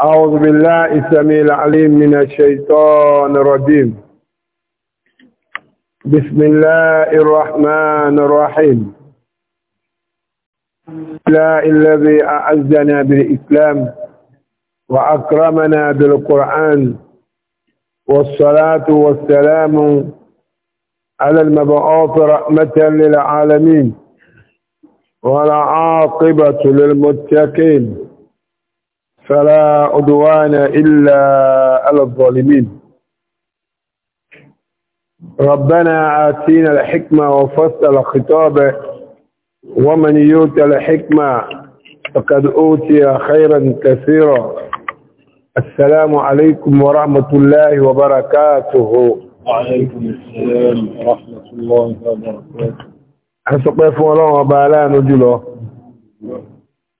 أعوذ بالله السميع العليم من الشيطان الرجيم بسم الله الرحمن الرحيم لا الذي أعزنا بالإسلام وأكرمنا بالقرآن والصلاة والسلام على المبعوث رحمة للعالمين ولا عاقبة للمتقين فلا عدوان إلا على الظالمين ربنا آتينا الحكمة وفصل الخطاب ومن يؤت الحكمة فقد أوتي خيرا كثيرا السلام عليكم ورحمة الله وبركاته وعليكم السلام ورحمة الله وبركاته أسقف وبالان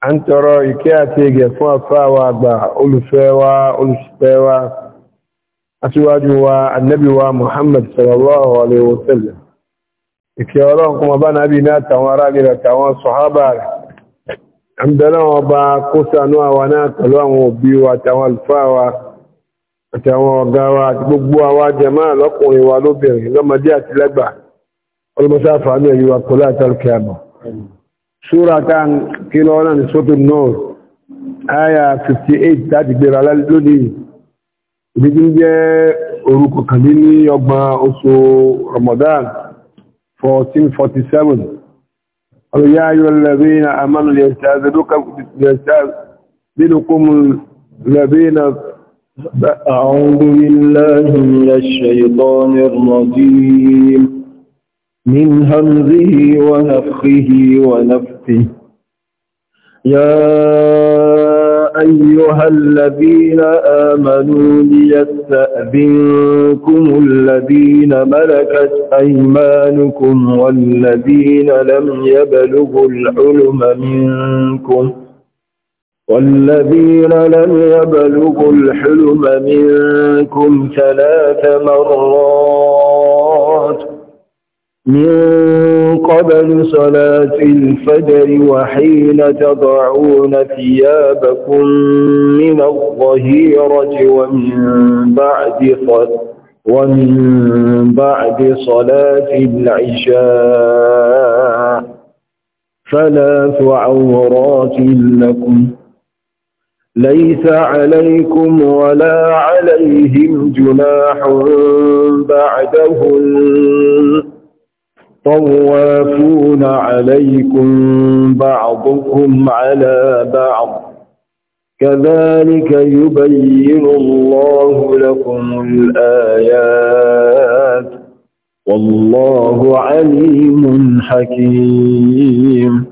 a ń tọrọ ìkẹ́ àti ẹgẹ̀ fún àfáàwà àgbà olùfẹ́ wa olùsùpẹ́ wa aṣíwájú wa annabi wa muhammad sallallahu alaihi wasallam ìkẹ́ ọlọ́run kuma bá nábi ní àtàwọn ará ní àtàwọn sọ̀hábà rẹ̀ a ń bẹ̀rẹ̀ wọn bá kó sànú àwa náà pẹ̀lú àwọn òbí wa àtàwọn àlùfáà wa àtàwọn ọ̀gá wa àti gbogbo àwa jẹ̀má lọ́kùnrin wa lóbìnrin lọ́mọdé àti lẹ́gbàá ọlọ́mọsáfà ní ẹ̀yí wa àtàlùkẹ́ àmọ́ ṣúra kan kí lọ náà ní sọ́tò náà àyà 58 láti gbèrà lónìí ibi tí ń jẹ́ orúkọ kàlí ní ọgbọ̀n oṣù Ramadan 1447 ọlọ́yá ayọ́ lẹ́bí na amánu lè ṣàzẹ́dókà أعوذ بالله من الشيطان الرجيم من همزه ونفخه ونفته يا أيها الذين آمنوا ليستأذنكم الذين ملكت أيمانكم والذين لم يبلغوا الحلم منكم والذين لم يبلغوا الحلم منكم ثلاث مرات من قبل صلاة الفجر وحين تضعون ثيابكم من الظهيرة ومن بعد ومن بعد صلاة العشاء ثلاث عورات لكم ليس عليكم ولا عليهم جناح بعدهن طوافون عليكم بعضكم على بعض كذلك يبين الله لكم الآيات والله عليم حكيم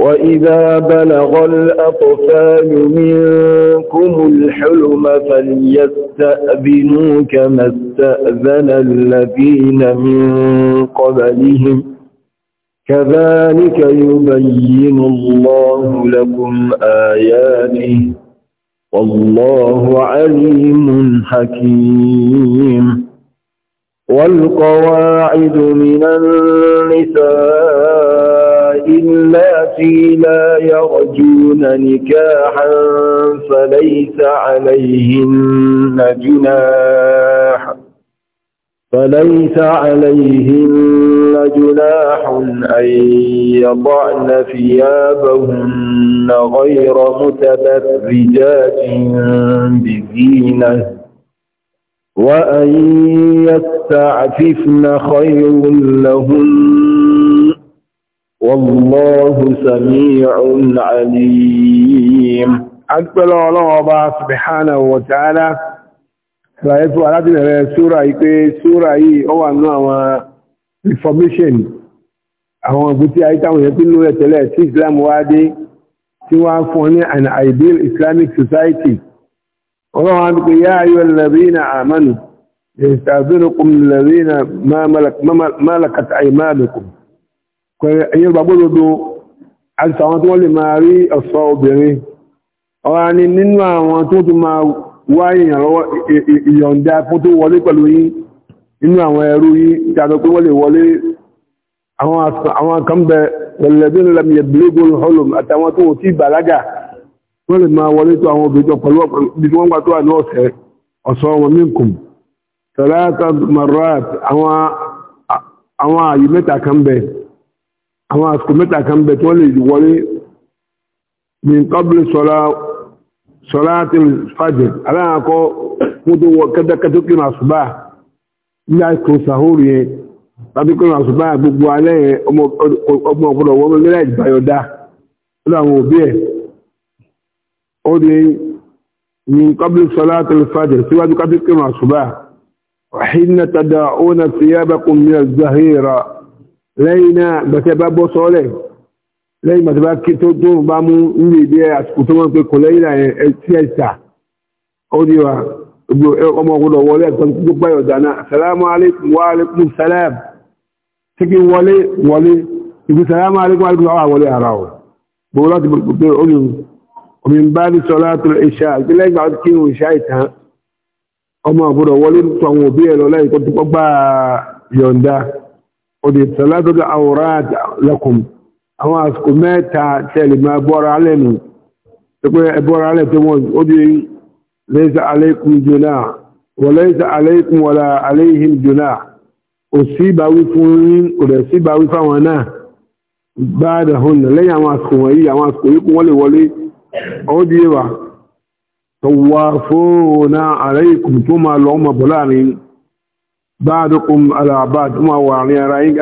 وإذا بلغ الأطفال منكم الحلم فليستأذنوا كما استأذن الذين من قبلهم كذلك يبين الله لكم آياته والله عليم حكيم والقواعد من النساء التي لا يرجون نكاحا فليس عليهن جناح فليس عليهن جناح أن يضعن ثيابهن غير متبرجات بزينة وأن يستعففن خير لهن والله سميع عليم أكبر الله سبحانه وتعالى ṣàlàyé fún arábìnrin rẹ̀ sóra yìí pé sóra yìí ó wà nú àwọn reformation àwọn ìbútí ayé táwọn yẹn tí ń lò rẹ̀ Islam wá dé tí wọ́n fún ní an ideal Islamic society ọlọ́wọ́n á dùkú yá ayọ́ lẹ́bìnà àmánu يستاذنكم الذين ما wá ìyànlọ́wọ́ ìyọ̀ǹda fún tó wọlé pẹ̀lú yín inú àwọn ẹrú yín jàdọ̀ pé wọ́n lè wọlé àwọn akọ́mbẹ̀ pẹ̀lẹ̀dún lẹ́mìyẹ blégún holm àtàwọn tó wọ́n tí bàlágà wọ́n lè máa wọlé tó àwọn obìnrin pẹ̀lú bí wọ́n gbà tó wà ní ọ̀sẹ̀ ọ̀sọ́ wọn minkum tọ́látà marat àwọn àyè mẹ́ta sọláàtì fàjẹ̀ aláàkọ́ mú tó wọ kẹ́tẹ́kẹ́tẹ́ àṣùbá nígbà tó sàhóòrì yẹn tàbí kí àṣùbá gbogbo alẹ́ yẹn ọmọ ọ̀pọ̀lọ̀ wọ́n mẹ́rẹ̀ ìbáyọ̀dá lọ́dọ̀ àwọn òbí ẹ̀ ó di ní kọ́bí sọláàtì fàjẹ̀ síwájú kẹ́tẹ́kẹ́ àṣùbá wàhíná tàdà ó na fi yábẹ́kùn mìíràn zahira lẹ́yìn náà gbẹ̀tẹ̀ bá bọ́ sọ́lẹ̀ lẹ́yìn bàtà bá ké tó tó bá mú níbi ìdí àsìkò tó máa ń pe kò lẹ́yìn àyẹn ẹtí ẹ̀sà ó ní wa ọmọ ọgbọdọ wọlé ẹ̀tọ́ tó gbá yọ̀dá náà sàlámù alaikum wa alaikum sàlám síkí wọlé wọlé ìgbé sàlámù alaikum alaikum wà wọlé ara o bó láti pé omi omi ń bá ní sọlá tó ìṣá àti lẹ́yìn bàtà kí irun ìṣá ìtàn ọmọ ọgbọdọ wọlé tó àwọn òbí ẹ̀ lọ lẹ́yìn tó àwọn àsìkò mẹ́ta tẹ̀lé máa bọ́ra alẹ́ nù pé ẹbọ́ra alẹ́ tó wọ́n ó di lẹ́sà aleikum jona wọ̀lẹ́sà aleikum wọ̀lá aleihim jona ò sí fún yín ò sí ìbáwí fáwọn náà bá dàhùn lẹ́yìn àwọn àsìkò wọ̀nyí àwọn àsìkò yìí kún wọ́n lè wọlé ó di wa tọwàfóòna tó máa mọ̀ bọ́láàrin wà ní ara yín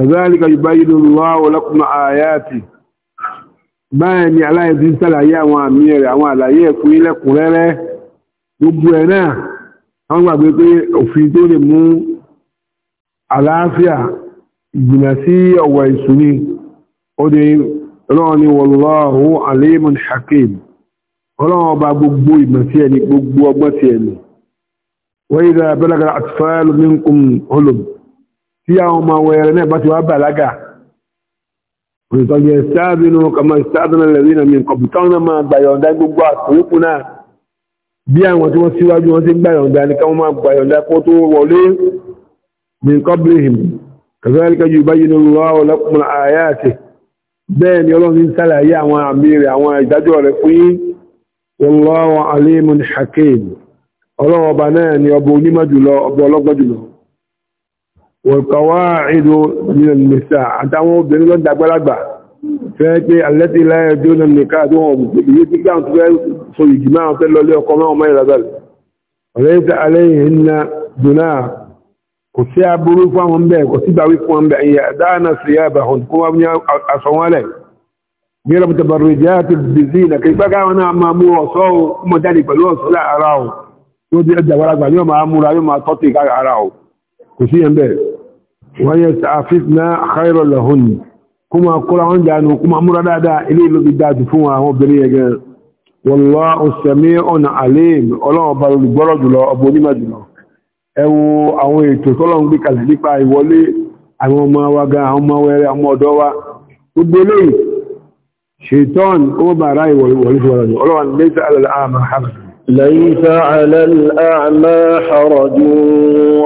كذلك يبين الله لكم آياته báyẹ̀ ni aláìsí sàlàyé àwọn àmì rẹ̀ àwọn àlàyé ẹ̀kún ilẹ̀kùn rẹ́rẹ́ gbogbo ẹ̀ náà wọ́n gbàgbé pé òfin tó lè mú àlàáfíà ìgbìnà sí ọ̀wọ̀ ìsúní ọdẹ ọlọ́run ni wallahu alimun hakim ọlọ́run gbogbo ìmọ̀ sí ẹni gbogbo ọgbọ́n sí ẹni wa tí àwọn ọmọ na náà bá ti wá bàlágà òṣìṣọ́jẹ́ sáàbínú kọmọ sáàbínú lẹ́rí ìrìnàmì kọ̀pútọ́ náà máa gbàyọ̀ǹda gbogbo àtòrípù náà bí àwọn tí wọ́n síwájú wọ́n ti gbàyọ̀ǹda ní káwọn máa gbàyọ̀ǹda kó tó wọlé ní kọ́bìrìhìm ni àwọn àwọn fún yín alimun والقواعد من النساء àtàwọn obìnrin ló dàgbàlagbà fẹ́ pé alẹ́tí láyé bí ó nà nìká àdúhùn ìyé tí káà tó fẹ́ so ìjì máa fẹ́ lọ lé ọkọ̀ máa ọmọ ìrọ̀lẹ́ ọ̀lẹ́ta alẹ́yìn na dùnà kò sí aburú fún àwọn bẹ́ẹ̀ kò sí bàwí fún àwọn bẹ́ẹ̀ ìyá dáná sí mú tabarú ìjà àti bìzí nà kí pàkà wọn náà máa mú ọ̀ṣọ́ o pẹ̀lú ọ̀ṣọ́ láàárọ̀ o yóò di ẹjà wàrà yóò máa múra yóò máa tọ́tì ká ara o kò sí yẹn ويستعففنا خير لهن كما قل عن جانو كما مرد دا إلي لبدا تفوا وبريا والله السميع عليم الله بالبرو جلو أبو نما جلو ẹwọ àwọn ètò tọ́lọ́n gbé kalẹ̀ nípa ìwọlé àwọn ọmọ wa ليس على الأعمى حرج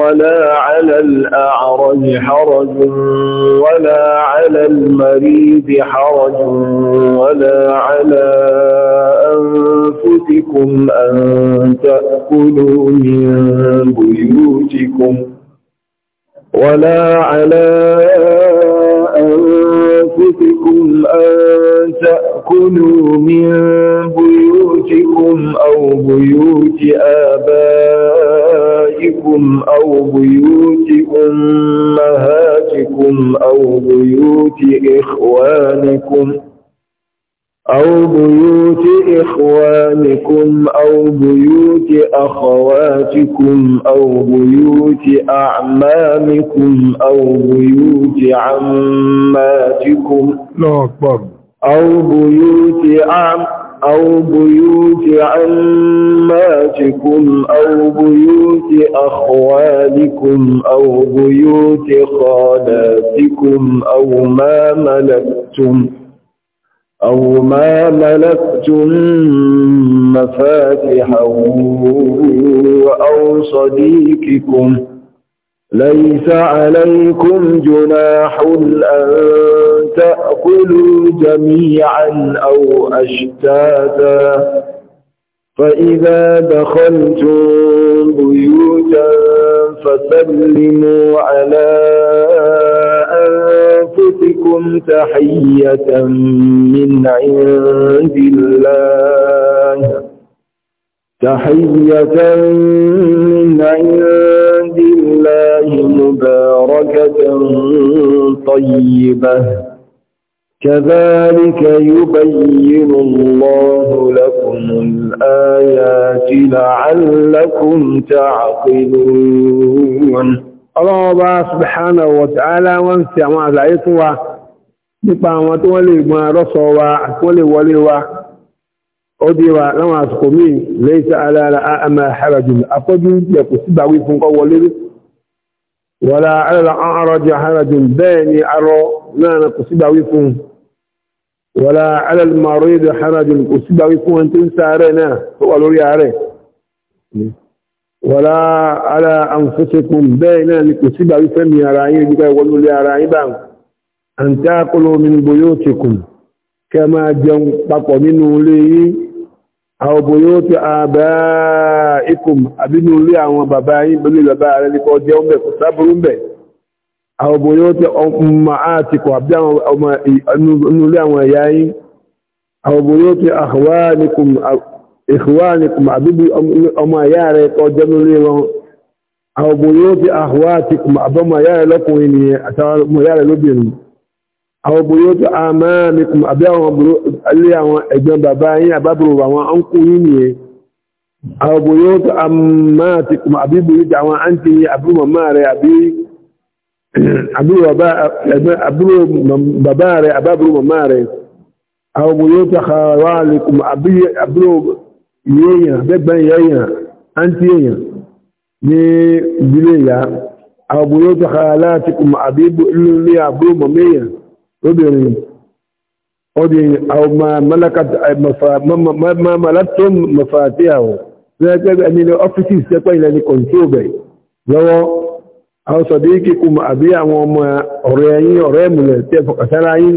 ولا على الأعرج حرج ولا على المريض حرج ولا على أنفسكم أن تأكلوا من بيوتكم ولا على أنفسكم أن تأكلوا من بيوتكم بيوتكم أو بيوت آبائكم أو بيوت أمهاتكم أو بيوت إخوانكم أو بيوت إخوانكم أو بيوت أخواتكم أو بيوت أعمامكم أو بيوت عماتكم لا أكبر أو بيوت أعمامكم أو بيوت عماتكم أو بيوت أخوالكم أو بيوت خالاتكم أو ما ملكتم أو ما ملكتم مفاتحه أو صديقكم ليس عليكم جناح أن تأكلوا جميعا أو أشتاتا فإذا دخلتم بيوتا فسلموا على أنفسكم تحية من عند الله تحية من عند الله الله مباركة طيبة كذلك يبين الله لكم الآيات لعلكم تعقلون الله سبحانه وتعالى وانسى ما زعيتوا nípa àwọn tí wọ́n lè gbọ́n arọ́sọ wa àti wọ́n lè wọlé wa ó dé wa láwọn àsìkò míì lẹ́yìn tí alára àmà àhàràjù àkọ́jú ìpẹ̀kù sígbàwí fún kọ́ wọlé rí wọ́lá alàlàárọ̀jì àhárajì bẹ́ẹ̀ ni arọ náà kò sígbà wí fún wọ́lá alàlàmàrọ̀dì àhárajì kò sígbà wí fún ẹntí ń sáré náà tó wà lórí ààrẹ wọ́lá alàmfẹ́sẹ̀kùn bẹ́ẹ̀ náà ni kò sígbà wí fẹ́mi ara yín nígbà ìwọ́n lórí ara yín bá àǹtí àkọlọ́ mi gbòyó tìkùn kẹ́ máa jẹun papọ̀ nínú ilé yín àwọn obòyó tí a bá ikùn àbínú lé àwọn bàbá yìí pẹ̀lú bàbá rẹ̀ ní kọ́ jẹ́ ọmọ sábúrú mẹ́ àwọn obòyó tí ọmọ àtìkọ̀ àbí àwọn ọmọ inú lé àwọn ẹ̀yà yìí àwọn obòyó tí ìhùwánìkùn àbíbí àwọn obìnrin tó àmà ah, mẹ́kùn àbí àwọn alé àwọn ẹ̀gbọ́n bàbá yín àbábòrò àwọn ọkùn yín nìyẹn àwọn obìnrin tó àmà ti kùn àbí bòrí àwọn àǹtí yín ah, àbúrò màmá rẹ̀ àbí àbúrò bàbá rẹ̀ àbábòrò màmá rẹ̀ àwọn obìnrin tó àwà lẹ́kùn àbí àbúrò yéèyàn bẹ́gbẹ́ lóbìnrin ọdí ọmọ mọ́mọ́látún mọ̀fàtí àwọ̀ lẹ́gbẹ́ ẹni ní ọ́fíìsì sẹ́pẹ́ ilẹ̀ ní kọ̀ǹtíò bẹ̀ lọ́wọ́ àwọn sọ̀dí kíkùn àbí àwọn ọmọ ọ̀rẹ́ yín ọ̀rẹ́ ìmùlẹ̀ tẹ́ fọkàtára yín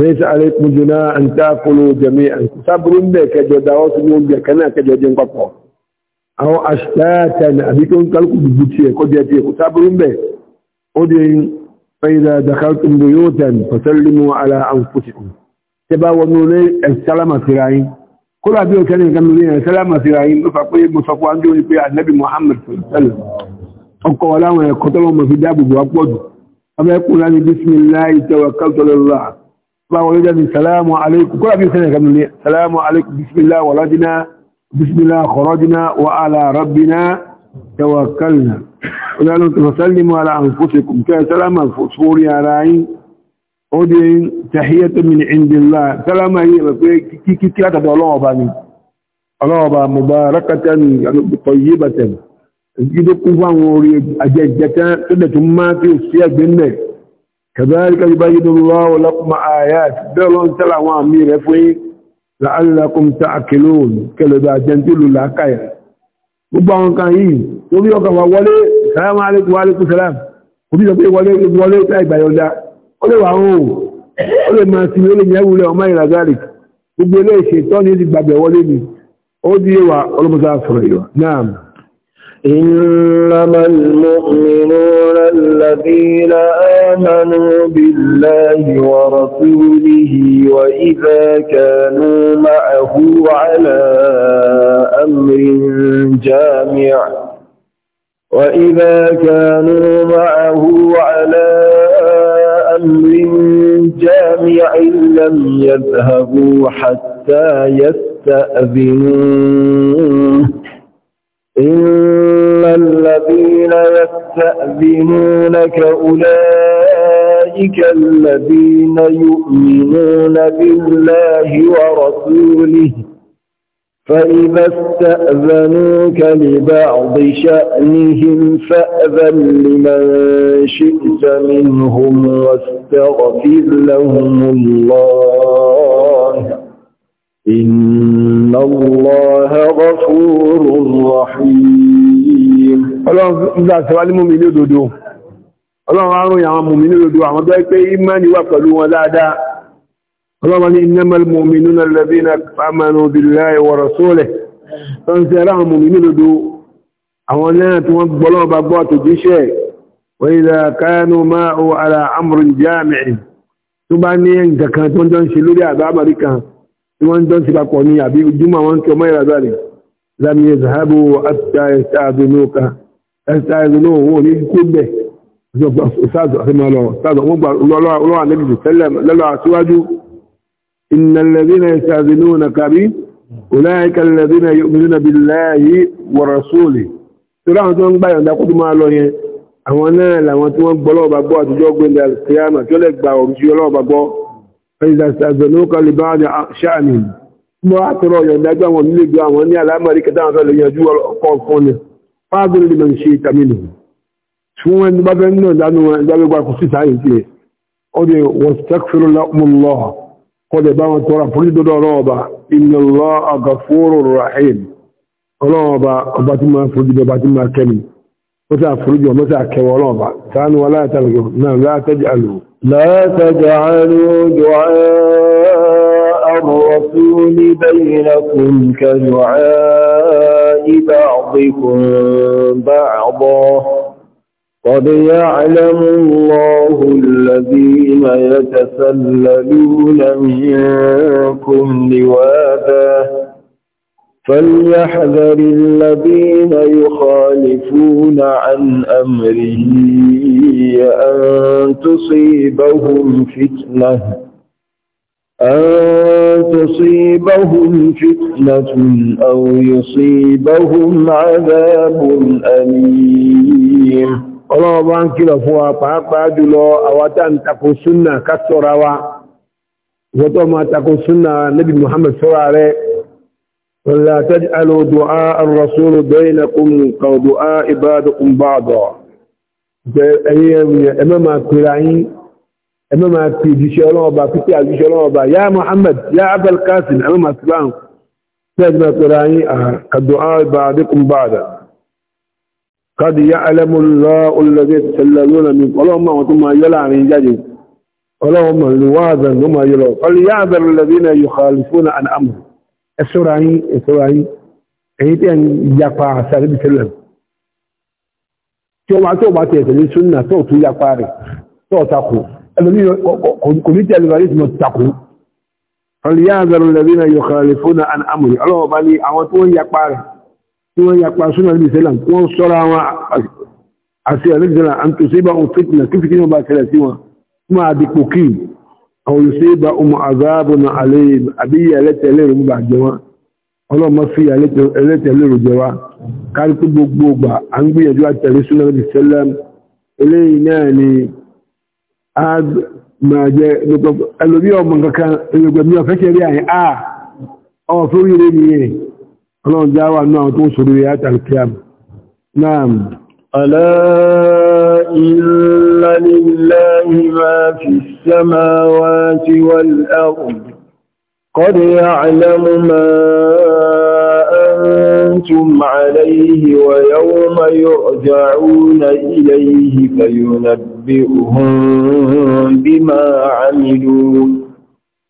lẹ́sẹ̀ alẹ́kùn jùlọ àǹtàkùnrin jẹ̀mí àǹtàbùrú ń bẹ̀ kẹjọ dáwọ́ sí oúnjẹ kanáà kẹjọ jẹun papọ̀ àwọn aṣááta àbí tó ń kálukú gbogbo tiẹ̀ kọjá tiẹ̀ فإذا دخلتم بيوتا فسلموا على أنفسكم تباوى نوري السلامة سرعين كل أبيو كان يكملين السلامة سرعين فقوي مصفوا أنجوني في النبي محمد صلى الله عليه وسلم أقوى لهم يقتلهم في دابه وأقوده أما يقول أني بسم الله توكلت لله فقوى يجب السلام عليكم كل أبيو كان يكملين السلام عليكم بسم الله ولدنا بسم الله خرجنا وعلى ربنا توكلنا ọlọ́run tó sálímù ara àǹfóṣekùn kẹ́ sálámà fórí ara yìí ó dé tàhíyàtò min indìlá sálámà yìí rẹ̀ pé kíkí kí látàdà ọlọ́ọ̀bá ni ọlọ́ọ̀bá mubarakata ni àlùkọ yìí bàtẹ̀ gídé kún fáwọn orí ajẹ́jẹta tó dẹ̀ tún máa tí ó sí ẹgbẹ́ mẹ́ kàbáríkà yìí bá yìí lọ́wọ́ ọlọ́kùnmá àyà bẹ́ẹ̀ lọ́n tẹ́lá àwọn gbogbo àwọn kan yìí torí ọkà wà wọlé salamu alaikum wa alaikum salam òbí sọ pé wọlé wọlé láìgbà yọ̀dá ó lè wà ń hò ó lè máa sinmi ó lè yẹ wulẹ̀ ọmọ ìlà garlic gbogbo ilé ìṣe tọ́ni ti gbàgbẹ́ wọlé ni ó di wa ọlọ́mọsá sọ̀rọ̀ yìí náà. إنما المؤمنون الذين آمنوا بالله ورسوله وإذا كانوا معه على أمر جامع وإذا كانوا معه على أمر جامع لم يذهبوا حتى يستأذنوه إن الذين يستأذنونك أولئك الذين يؤمنون بالله ورسوله فإذا استأذنوك لبعض شأنهم فأذن لمن شئت منهم واستغفر لهم الله إن الله غفور رحيم الله سواء المؤمنين دودو الله أعلم يا مؤمنين دودو أعلم بأيك إيماني وقلوا ولا دا ọlọ́wọ́n innama al-mu'minuna alladhina amanu billahi wa rasulihi tó ń ṣe aláwọn mọ̀mínú lòdó àwọn náà tí wọ́n gbọ́lọ́wọ́ bá gbọ́ àtòjíṣẹ́ wa idha kanu ma'ahu ala amrin jami'in tó bá ní nǹkan kan tó ń jọ ń ṣe lórí àbábàrí kan tí wọ́n ń jọ ń ṣe papọ̀ ní àbí ojúmọ̀ wọn kí ọmọ ìrọ̀dá rẹ̀ lam yazhabu hatta yasta'dhinuka yasta'dhinuhu wọn ò ní kú bẹ̀ ọ̀sán ọ̀sán àti mọ̀ lọ إن الذين يستاذنونك بي أولئك الذين يؤمنون بالله ورسوله ترى أن بايا نقول ما له àwọn náà làwọn tí wọ́n gbọ́lọ́ ọba gbọ́ àtijọ́ gbẹ̀ndẹ̀ alkiyama tí ó lè gba òjì ọlọ́ọ̀bà gbọ́ ẹ̀yìnzàzẹ̀lókà lè bá ní ṣáàmì mọ́ àtọrọ yọ̀ndájú àwọn nílé gbọ́ àwọn ní alámọ̀rí kẹta àwọn fẹ́lẹ̀ yanjú ọkọ̀ ni fáàbùrù lè ṣe ìtàmìnì fún wọn bá fẹ́ náà dánú wọn ìgbàgbẹ́gbà kò sí sáyẹ̀ntì ọdẹ wọ́n wọ́n lè bá wọn tọ́ra fún ìdọ́dọ̀ ọlọ́ọ̀bá inna Allaha ghafurur rahim ọlọ́ọ̀bá ọba tí máa forí ọba tí máa kẹ́mi wọ́n sì àforíjì ọmọ sí ọlọ́ọ̀bá wa láyàtà náà látẹ́jì àlò. látẹ́jì قد يعلم الله الذين يتسللون منكم لواذا فليحذر الذين يخالفون عن أمره أن تصيبهم فتنة أن تصيبهم فتنة أو يصيبهم عذاب أليم ọlọ́wọ́ bá ń kìlọ̀ fún wa pàápàá jùlọ àwátá ń takò súnà kásọ̀ra wa ìwọ́tọ̀ ma takò súnà nabi muhammad sọ́ra rẹ̀ wala taj'alu du'a ar-rasul bainakum ka du'a ibadikum ba'da ẹmẹ́ máa pèrè ayín قد يعلم الله الذي تسللون منكم اللهم وتما يلا عن جدي اللهم لواذا وما يلا فليعذر الذين يخالفون عن امره السرعي السرعي ايت ان يقع سلب سلم tí ó máa tó bá ti ẹ̀tẹ̀lé súnnà tó tún yapa rẹ̀ tó takò ẹlòmí kò ní tẹ́lẹ̀ bá yìí takò فليعذر الذين يخالفون عن امره ọlọ́wọ́ bá ní àwọn tó ń yapa rẹ̀ tí wọ́n yapa súnà níbi ìṣẹ́lá wọ́n sọ́ra wọn àti àlejòlá àtúnṣe bá wọn fìtìnà kí fìtìnà bá ṣẹlẹ̀ sí wọn fún àdìpò kí àwọn ìṣẹ́bà ọmọ àzáàbò na alẹ́ àbí ẹlẹ́tẹ̀ẹ́lẹ́rù mú bà jẹ wọn ọlọ́mọ fi ẹlẹ́tẹ̀ẹ́lẹ́rù jẹ wa kárí pé gbogbo gbà à ń gbìyànjú àtẹ̀lé súnà níbi ìṣẹ́lá eléyìí náà ni a máa jẹ ẹlòmí ọmọ kankan ẹlòmí ọ̀fẹ́ ọlọ́run já wà náà tó ń sọ lórí àtàlùkíyàm náà alá inna lillahi ma fi samawati أنتم عليه ويوم يرجعون إليه فينبئهم بما عملوا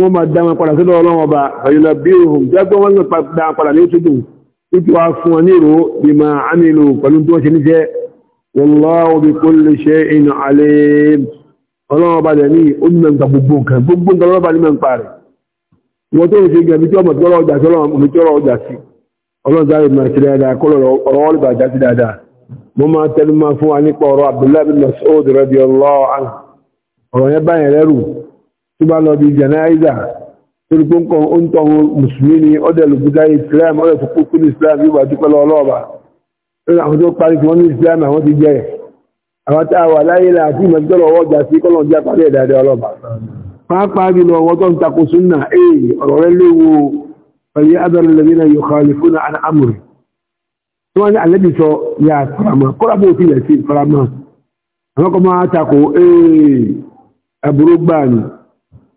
wọ́n máa dáwọn padà sọ́dọ̀ ọlọ́wọ́ bá àyílọ bí ohun jẹ́gbọ́n wọ́n lè dáwọn padà ní ìtúdùn títí wá fún ọní ìrò bí máa àmìlò pẹ̀lú tó ṣe níṣẹ́ wallahu bi kulli shay'in alim ọlọ́wọ́ bá dẹ̀ ní onímọ̀ǹkà gbogbo nǹkan gbogbo nǹkan lọ́wọ́ bá ní mọ̀ǹkà rẹ̀ wọ́n tó ń ṣe gẹ̀mí tí ọmọ tọrọ ọjà sí ọmọ tọrọ ọjà sí ọlọ́run sáré máa ṣe mo máa tẹnu máa fún wa nípa ọ̀rọ̀ Abdullahi bin Mas'ud radiyallahu anhu ọ̀rọ̀ yẹn báyẹn rẹ́rù tó bá lọ bí jẹnáìzà torí pé nǹkan ó ń tọ́ wọn mùsùlùmí ni ọdẹ lùgbùdá islam ọdẹ tó kú ní islam yóò bá dúpẹ́ lọ́wọ́ lọ́ọ̀bà lórí àwọn tó parí tí wọ́n ní islam àwọn ti jẹ́ àwọn tá a wà láyé là àti ìmọ̀ tó lọ́wọ́ ọjà sí kọ́lọ̀ jẹ́ àpàdé ìdádẹ́ ọlọ́ba pàápàá bí lọ wọ́n tó ń eh, tí wọ́n ní sí farama àwọn kọ́ máa takò ee eh, ni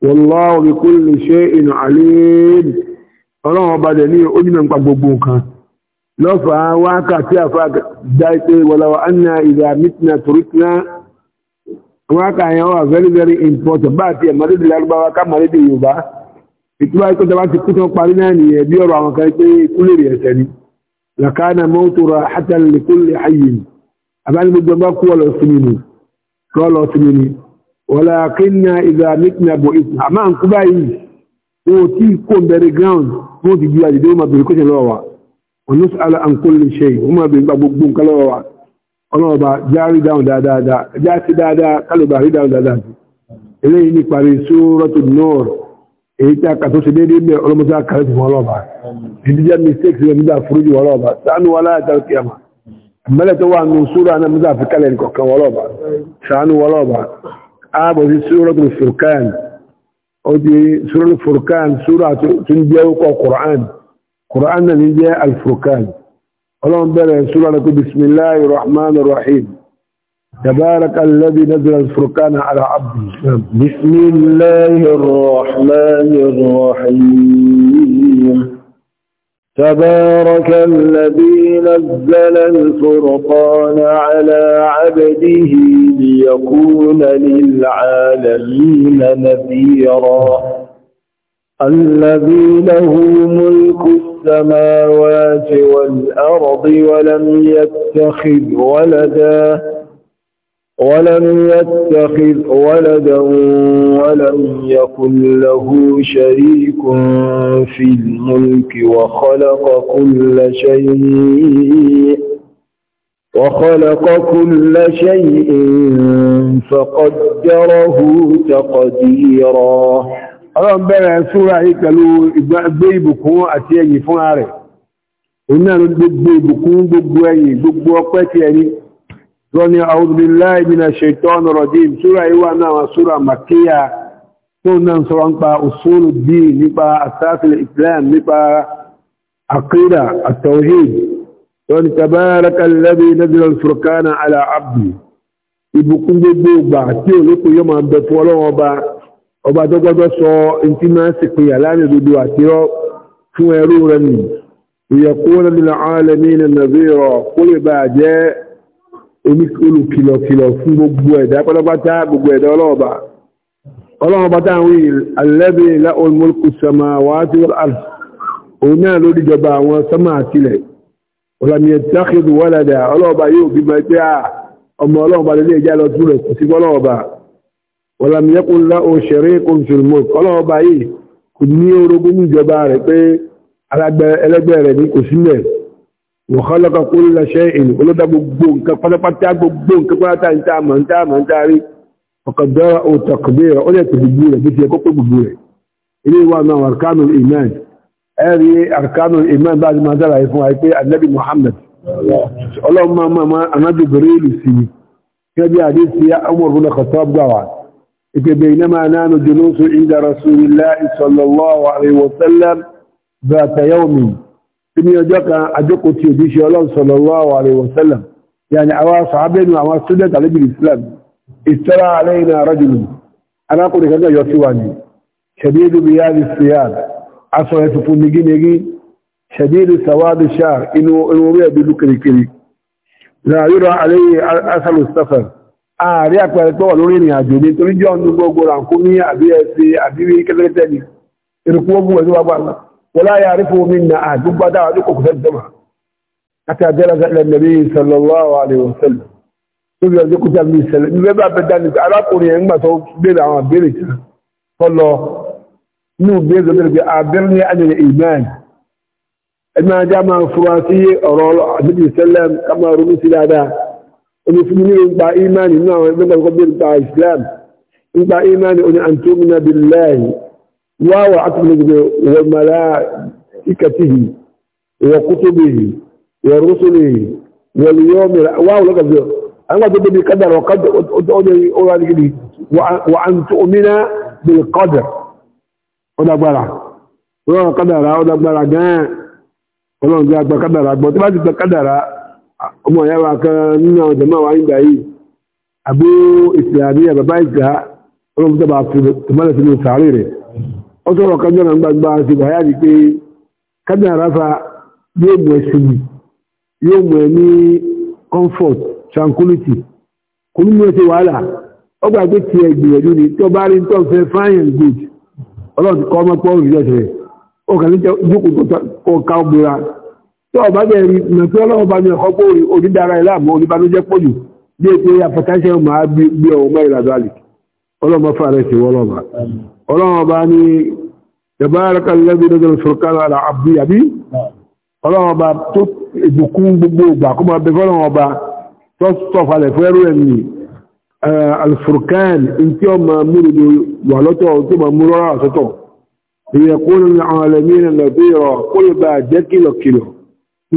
wallahu bi kulli shay'in alim ọlọ́run ọba dẹ̀ ní onímọ̀ nípa gbogbo nǹkan lọ́fàá wákàtí àfà dá pé walaw anna idha mitna turikna wákà yẹn wà very very important bá àti ẹ̀mọ́dédè lárúbáwá ká mọ̀lédè yorùbá ìtura ikú tó bá ti kú tó parí náà nìyẹn bí ọ̀rọ̀ àwọn kan pé kúlè rẹ̀ ẹ̀sẹ̀ ni lakana mawtura hatan li kulli hayyin àbáni gbogbo bá kú ọlọ́sìn mi ni kọ́ ọlọ́sìn mi ni wọ́lákínà ìgbàmítìnà bọ̀ ìsìn àmá ń kú báyìí wọ́n tí kò bẹ̀rẹ̀ ground wọ́n ti gbí àjẹ́dẹ́ wọ́n ma bèèrè kọ́ṣẹ̀ lọ́wọ́ wa wọ́n ní sàálà à ń kó lè ṣe wọ́n ma bèèrè gbogbo nǹkan lọ́wọ́ wa ọlọ́ọ̀bá járí dáhùn dáadáa jáàsí dáadáa kálùbà rí dáhùn dáadáa eléyìí ní parí sóòrọ́tò nọ́ọ̀r èyí tí a kà tó ṣe déédéé bẹ́ẹ̀ ọlọ́mọsá kàrẹ́ ti fún ọlọ́ọ̀bá ìdíjẹ́ mistakes rẹ̀ nígbà fúrújì ọlọ́ọ̀bá آب وذي سورة الفركان وذي سورة الفركان سورة تنجيه القرآن قرآن تنجيه الفركان اللهم بلا سورة لكم بسم الله الرحمن الرحيم تبارك الذي نزل الفركان على عبده بسم الله الرحمن الرحيم تبارك الذي نزل الفرقان على عبده ليكون للعالمين نذيرا الذي له ملك السماوات والأرض ولم يتخذ ولداً ولم يتخذ ولدا ولم يكن له شريك في الملك وخلق كل شيء وخلق كل شيء فقدره تقديرا ألم بلع سورة إكالو بيبكو أتيني فنعري إنه بيبكو بيبكو أتيني lọ́ni àwùdùbíláì bí na ṣètọ́nù rọ̀dìm súra ìwà náà súra makiya tó náà sọ ń pa òṣòrò bí nípa àtàkìlẹ̀ islam nípa àkídà àtàwíd lọ́ni tabárakàlẹ́bí nàbílẹ̀ furkana ala abdi ìbùkún gbogbo gbà tí olùkìlọ̀kìlọ̀ fún gbogbo ẹ̀dá pátápátá gbogbo ẹ̀dá ọlọ́ọ̀bá ọlọ́ọ̀bá táwọn alẹ́bí láolmọ́lùkù sọmọ wàá tí wọ́n àrùn òun náà ló dìjọba àwọn sọmọ àtìlẹ̀ ọ̀làmìyàtàkìdù wọ́lẹ̀dà ọlọ́ọ̀bá yóò bímọ ẹgbẹ́ à ọmọ ọlọ́ọ̀bá lè já lọ túnrẹ̀ kò sí ọlọ́ọ̀bá ọ̀làmìyàkùnlá òṣèré kòmùsùlùmọ́ ọlọ́ọ̀bá yìí kò ní orogún níjọba rẹ̀ pé ẹlẹ́gbẹ́ rẹ̀ ní kò وخلق كل شيء ولد بوبون كفلا فتا بوبون كفلا تا انت ام انت ام انت ري فقدر او تقدير او يت بجور بيتي كو كو بجور اني وا ما اركان الايمان هذه اركان الايمان بعد ما دار اي فون النبي محمد اللهم ما ما انا جبريل سي كبي حديث يا عمر بن الخطاب قال بينما نحن جلوس عند رسول الله صلى الله عليه وسلم ذات يوم ní ọjọ́ kan àjókò tí òjíṣẹ́ Ọlọ́run sallallahu alaihi wasallam yàní àwọn sàábẹ́nu àwọn student alẹ́bìn Islam ìtọ́ra alayna rajulun arákùnrin kankan yọ síwá ní ṣẹ̀dídù bí yáàrí siyar aṣọ ẹ̀sùn fún ní gínegí ṣẹ̀dídù sawadu shar inú orí ẹ̀bí lúkìrìkìrì láàrírọ alẹ́yẹ asalu safar ààrí àpẹẹrẹ tó wà lórí ìrìn àjò ní torí jọ́ ọdún gbogbo ràǹkú ní àbí ẹ̀sìn àbí kẹ́lẹ́kẹ́tẹ́ ni ogun ẹ̀sùn wà gbàgbà ولا يعرفه منا أحد جب دعا لكم في الجمعة حتى جلس إلى النبي صلى الله عليه وسلم tóbi ọjọ́ kúta mi ìṣẹ̀lẹ̀ ní bẹ́bà bẹ́dá ní arákùnrin ẹ̀ngbà tó bèèrè àwọn àbẹ́rẹ̀ tí wọ́n lọ ní ìbéèrè bẹ̀rẹ̀ bí àbẹ́rẹ̀ ní àjẹ̀lẹ̀ ìmáàn ẹ̀mí ajá máa fura sí ọ̀rọ̀ àbíbi ìṣẹ̀lẹ̀ واو عتبه وملائكته وكتبه ورسله واليوم واو لقد أنا ضد بالقدر وقد وأن تؤمن بالقدر ولا بلا ولا قدر ولا بلا جاء ولا جاء بقدر بس بقدر ọmọ ìyá wa kan nínú àwọn jẹmọ́ wa ń gbà yìí àbú ìsìlámíyà bàbá ìjà ó sọ̀rọ̀ kájọ́ náà gbagba sí bàyá di pé kájọ́ àráfà yóò mú ẹ yóò mú ẹ ní comfort tranquility kò ní mú ẹ ti wàhálà ó gbà pé tiẹ̀ gbìyànjú ni tó bá rí tó fẹ́ fine and good ọlọ́run kọ́ ọmọ pọ́ òrìṣẹ́ rẹ̀ ó kàn ní jókòó kó ká ọgbìnra tó ọba bẹ̀ rí nàfi ọlọ́run bá ní ẹ̀kọ́ pé orí ẹ̀ láàmú oníbanújẹ́ pọ̀ bí ètò apọ̀táṣẹ́ máa gbé ọmọ ìlàdọ́ àlìkì ọlọ́mọ fàárẹ̀ sí wọ́lọ́mà ọlọ́mọ bá ní ìbárakà lẹ́bí lọ́jọ́ ìṣòkàrà àlà àbí àbí ọlọ́mọ bá tó ìbùkún gbogbo ìgbà kó máa bẹ̀kọ́ ọlọ́mọ bá tó sọ̀fàlẹ̀ fún ẹrú ẹ̀mí alfurkan tí ó máa múlò ní wà lọ́tọ̀ tó máa mú rọ́rà sọ́tọ̀ ìyẹ kúrò ní àwọn ẹlẹ́mí ní bá jẹ́ kìlọ̀kìlọ̀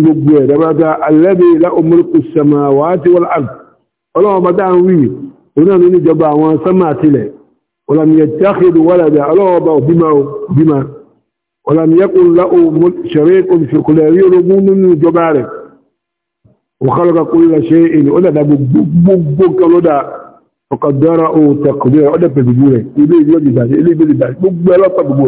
gbogbo onáà ní níjọba àwọn sánmà àtìlẹ̀ ọ̀làmìyà jákèdè wàlàdà ọlọ́ọ̀bà òbímà ọ̀làmìyàkùn láò ṣẹ̀rẹ́ olùfẹ̀kùnlẹ̀ rí ológun nínú ìjọba rẹ̀ òkàlọ́gà kó lọ ṣe èlò ọ̀dàdà gbogbo kọlọ́dà ọ̀kadọ́ra ò tẹ̀kùnlẹ̀ ọ̀dà pẹ̀lú rẹ̀ ilé ìlú ìdìbà ilé ìlú ìdìbà gbogbo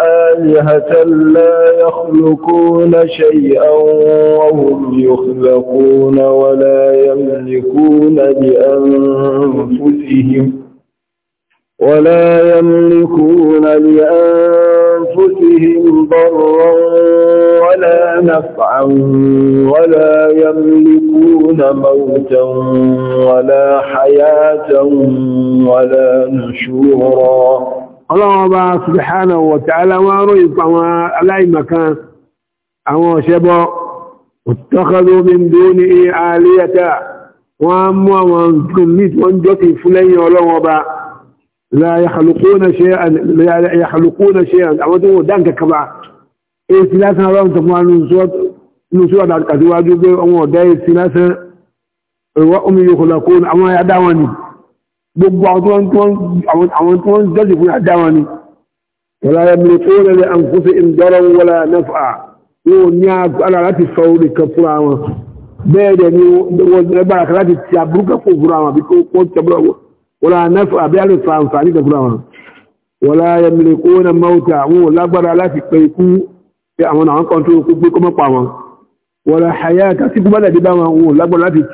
آلهة لا يخلقون شيئا وهم يخلقون ولا يملكون لأنفسهم ولا يملكون لأنفسهم ضرا ولا نفعا ولا يملكون موتا ولا حياة ولا نشورا ọlọ́wọ́ bá subhanahu wa ta'ala wọ́n rò ipa wọn aláìmọ̀kan àwọn ọ̀ṣẹ́bọ́ ittakhadhu min dunihi aliyata wọ́n mú àwọn kùnmít wọ́n jọ́kì fúlẹ́yìn ọlọ́wọ́ bá la yakhluquna shay'an àwọn tó wọ́n dáǹkà kaba èsì lásán ọlọ́run tó fún wa nínú sí ọ̀dà gbogbo àwọn tí wọ́n jọ́sì fún àdáwọn ni wọ́lára mi tó rẹ̀rẹ̀ àǹkóso ìdọ́rọ̀ wọ́lá náfà yóò ní agbára láti sọ orí kan fún àwọn bẹ́ẹ̀dẹ̀ ni wọ́n rẹ̀bára kan láti ti àbúrúkà fún fún àwọn àbí kó tẹ́bọ̀rọ̀ wọ́lá náfà àbí àlè fa àǹfààní kan fún àwọn wọ́lára mi kó na mọ́ta wọn lágbára láti pẹ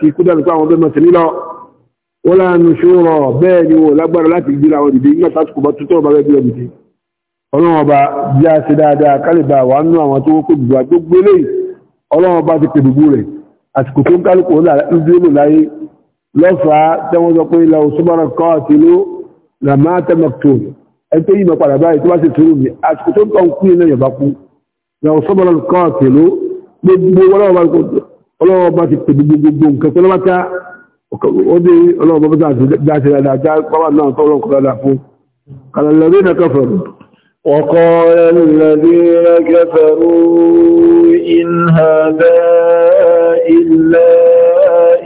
ikú wọ́n lára nu ṣòro bẹ́ẹ̀ ni wọ́n lágbára láti gbéra wọn dìde nígbà tásìkò bá tútọ́ bá gbéra dìde ọlọ́run ọba bí a ṣe dáadáa kálíbà wà nú àwọn tó kó dùdú àgbógbó lẹ́yìn ọlọ́run ọba ti pèdùgbò rẹ̀ àsìkò tó ń kálukú lódúró láyé lọ́fàá tẹ́wọ́n sọ pé ilẹ̀ òṣùmọ́ra kọ́ àti ló làmá tẹ́mọ̀tò ẹgbẹ́ yìí mọ̀padà báyìí tó bá ṣe tóró mi àsìkò tó ń kọ́ ودي الله بابا دعت لا دعت طبعا نعم طولهم قال لا قال الذين كفروا وقال الذين كفروا إن هذا إلا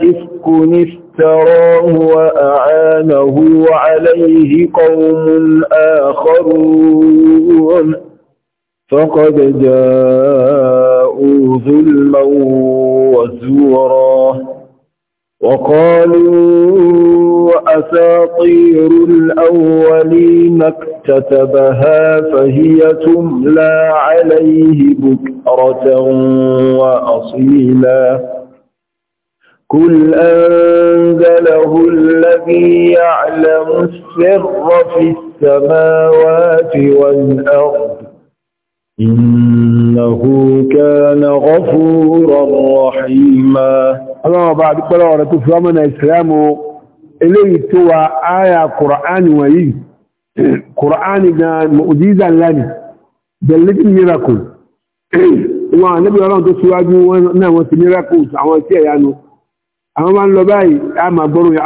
إفك افتراه وأعانه عليه قوم آخرون فقد جاءوا ظلما وزورا وقالوا أساطير الأولين اكتتبها فهي تملى عليه بكرة وأصيلا كل أنزله الذي يعلم السر في السماوات والأرض إنه كان غفورا رحيما ọlọ́wọ́ bá dúpọ́lọ́ rẹ̀ tó fi ọmọ na ìsìlámù eléyìí tó wa áyà kùránì wọ̀nyí kùránì gan mọ̀jíza ńlá ni bẹ̀lẹ́tì miracle wọn níbi ọlọ́run tó síwájú náà wọ́n ti miracles àwọn tí ẹ̀yà nu àwọn máa ń lọ báyìí a máa gbọ́rọ̀ yà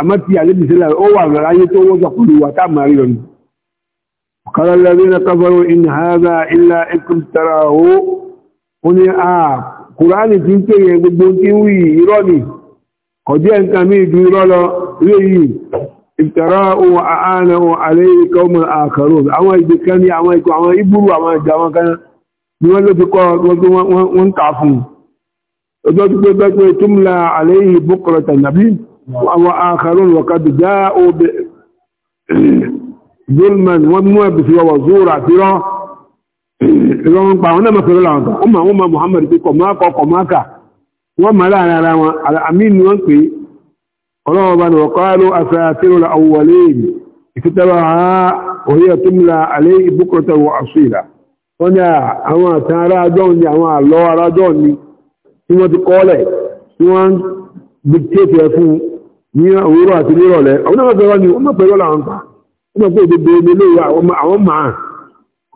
àmọ́ kùránì tí ń pè yẹn gbogbo tí ń wí irọ́ ni kọjẹ́ nǹkan mí ju irọ́ lọ ilé yìí ìtẹ̀rọ ohun àánà ohun àlẹ́ ikọ̀ ọmọ àkàrò àwọn ìgbè kan ní àwọn ikọ̀ àwọn ìbúrú àwọn ìjà wọn kan ni wọ́n ló fi kọ́ wọ́n kà fún ọjọ́ tó pé bẹ́ẹ̀ pé túmùlà àlẹ́ yìí bókọ̀rọ̀ tàbí àwọn àkàrò wọ̀kadì já ó zulman wọ́n mú ẹ̀bùsùn wọ̀ zúrà fíràn ìrọ̀rùn pa àwọn náà mọ̀kànlá àwọn kan wọ́n ma wọ́n ma Muhammad pé kọ̀mọ́kọ̀ kọ̀mọ́kà wọ́n ma láàrin ara wọn àmìnì wọ́n pé ọlọ́wọ́ bá ní ọkọ̀ọ́lọ́ asàtírò àwọ̀wọ̀lẹ́ ìfítẹ́rọ òye túnmìlà alẹ́ ìbúkọ̀tà wọ àṣírà wọ́n ní àwọn àtàn arájọ́ ni àwọn àlọ́ arájọ́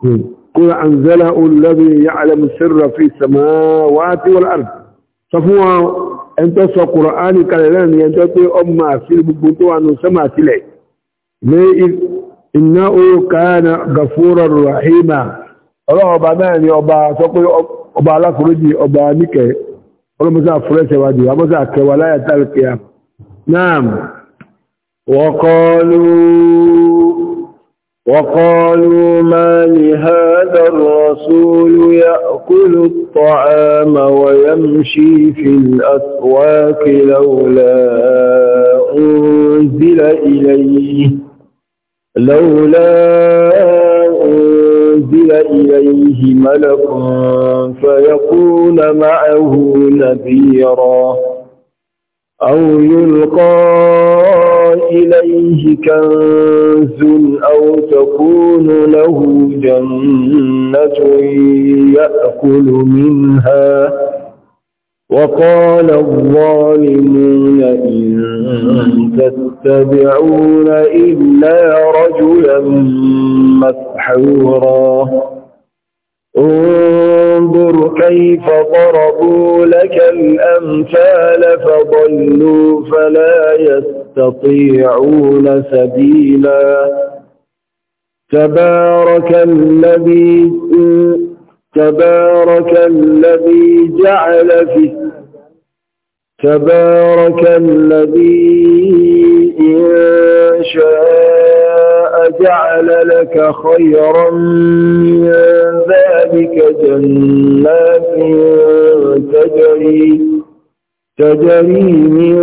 ni قل أنزله الذي يعلم السر في السماوات والأرض صفوا أنت سوى قرآن كاللان أنت سوى أما في البطوة أن سمع سلعي إنه كان غفورا رحيما الله أبا ناني أبا سوى أبا لك رجي أبا نكي الله مزا فرسي وادي ومزا كولاية القيام نعم وقالوا وقالوا ما لهذا الرسول يأكل الطعام ويمشي في الأسواق لولا أنزل إليه لولا أنزل إليه ملك فيكون معه نذيرا أو يلقى إليه كنز أو تكون له جنة يأكل منها وقال الظالمون إن تتبعون إلا رجلا مسحورا انظر كيف ضربوا لك الأمثال فضلوا فلا يستطيعون يستطيعون سبيلا تبارك الذي تبارك الذي جعل في تبارك الذي إن شاء جعل لك خيرا من ذلك جنات تجري تجري من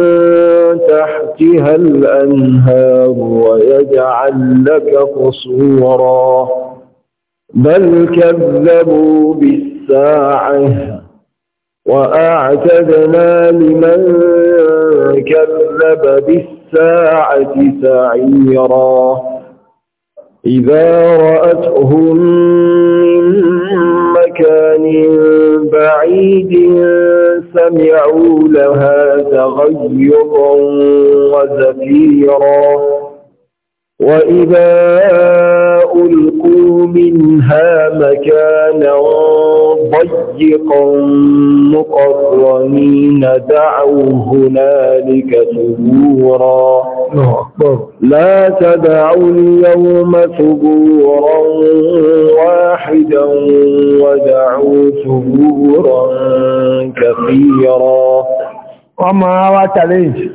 تحتها الأنهار ويجعل لك قصورا بل كذبوا بالساعة وأعتدنا لمن كذب بالساعة سعيرا إذا رأتهم من مكان بعيد سمعوا لها تغيظا وزفيرا وإذا ألقوا منها مكانا ضيقا مقرنين دعوا هنالك ثبورا لا تدعوا يوم ثبورا واحدا ودعوا ثبورا كثيرا وما وتليش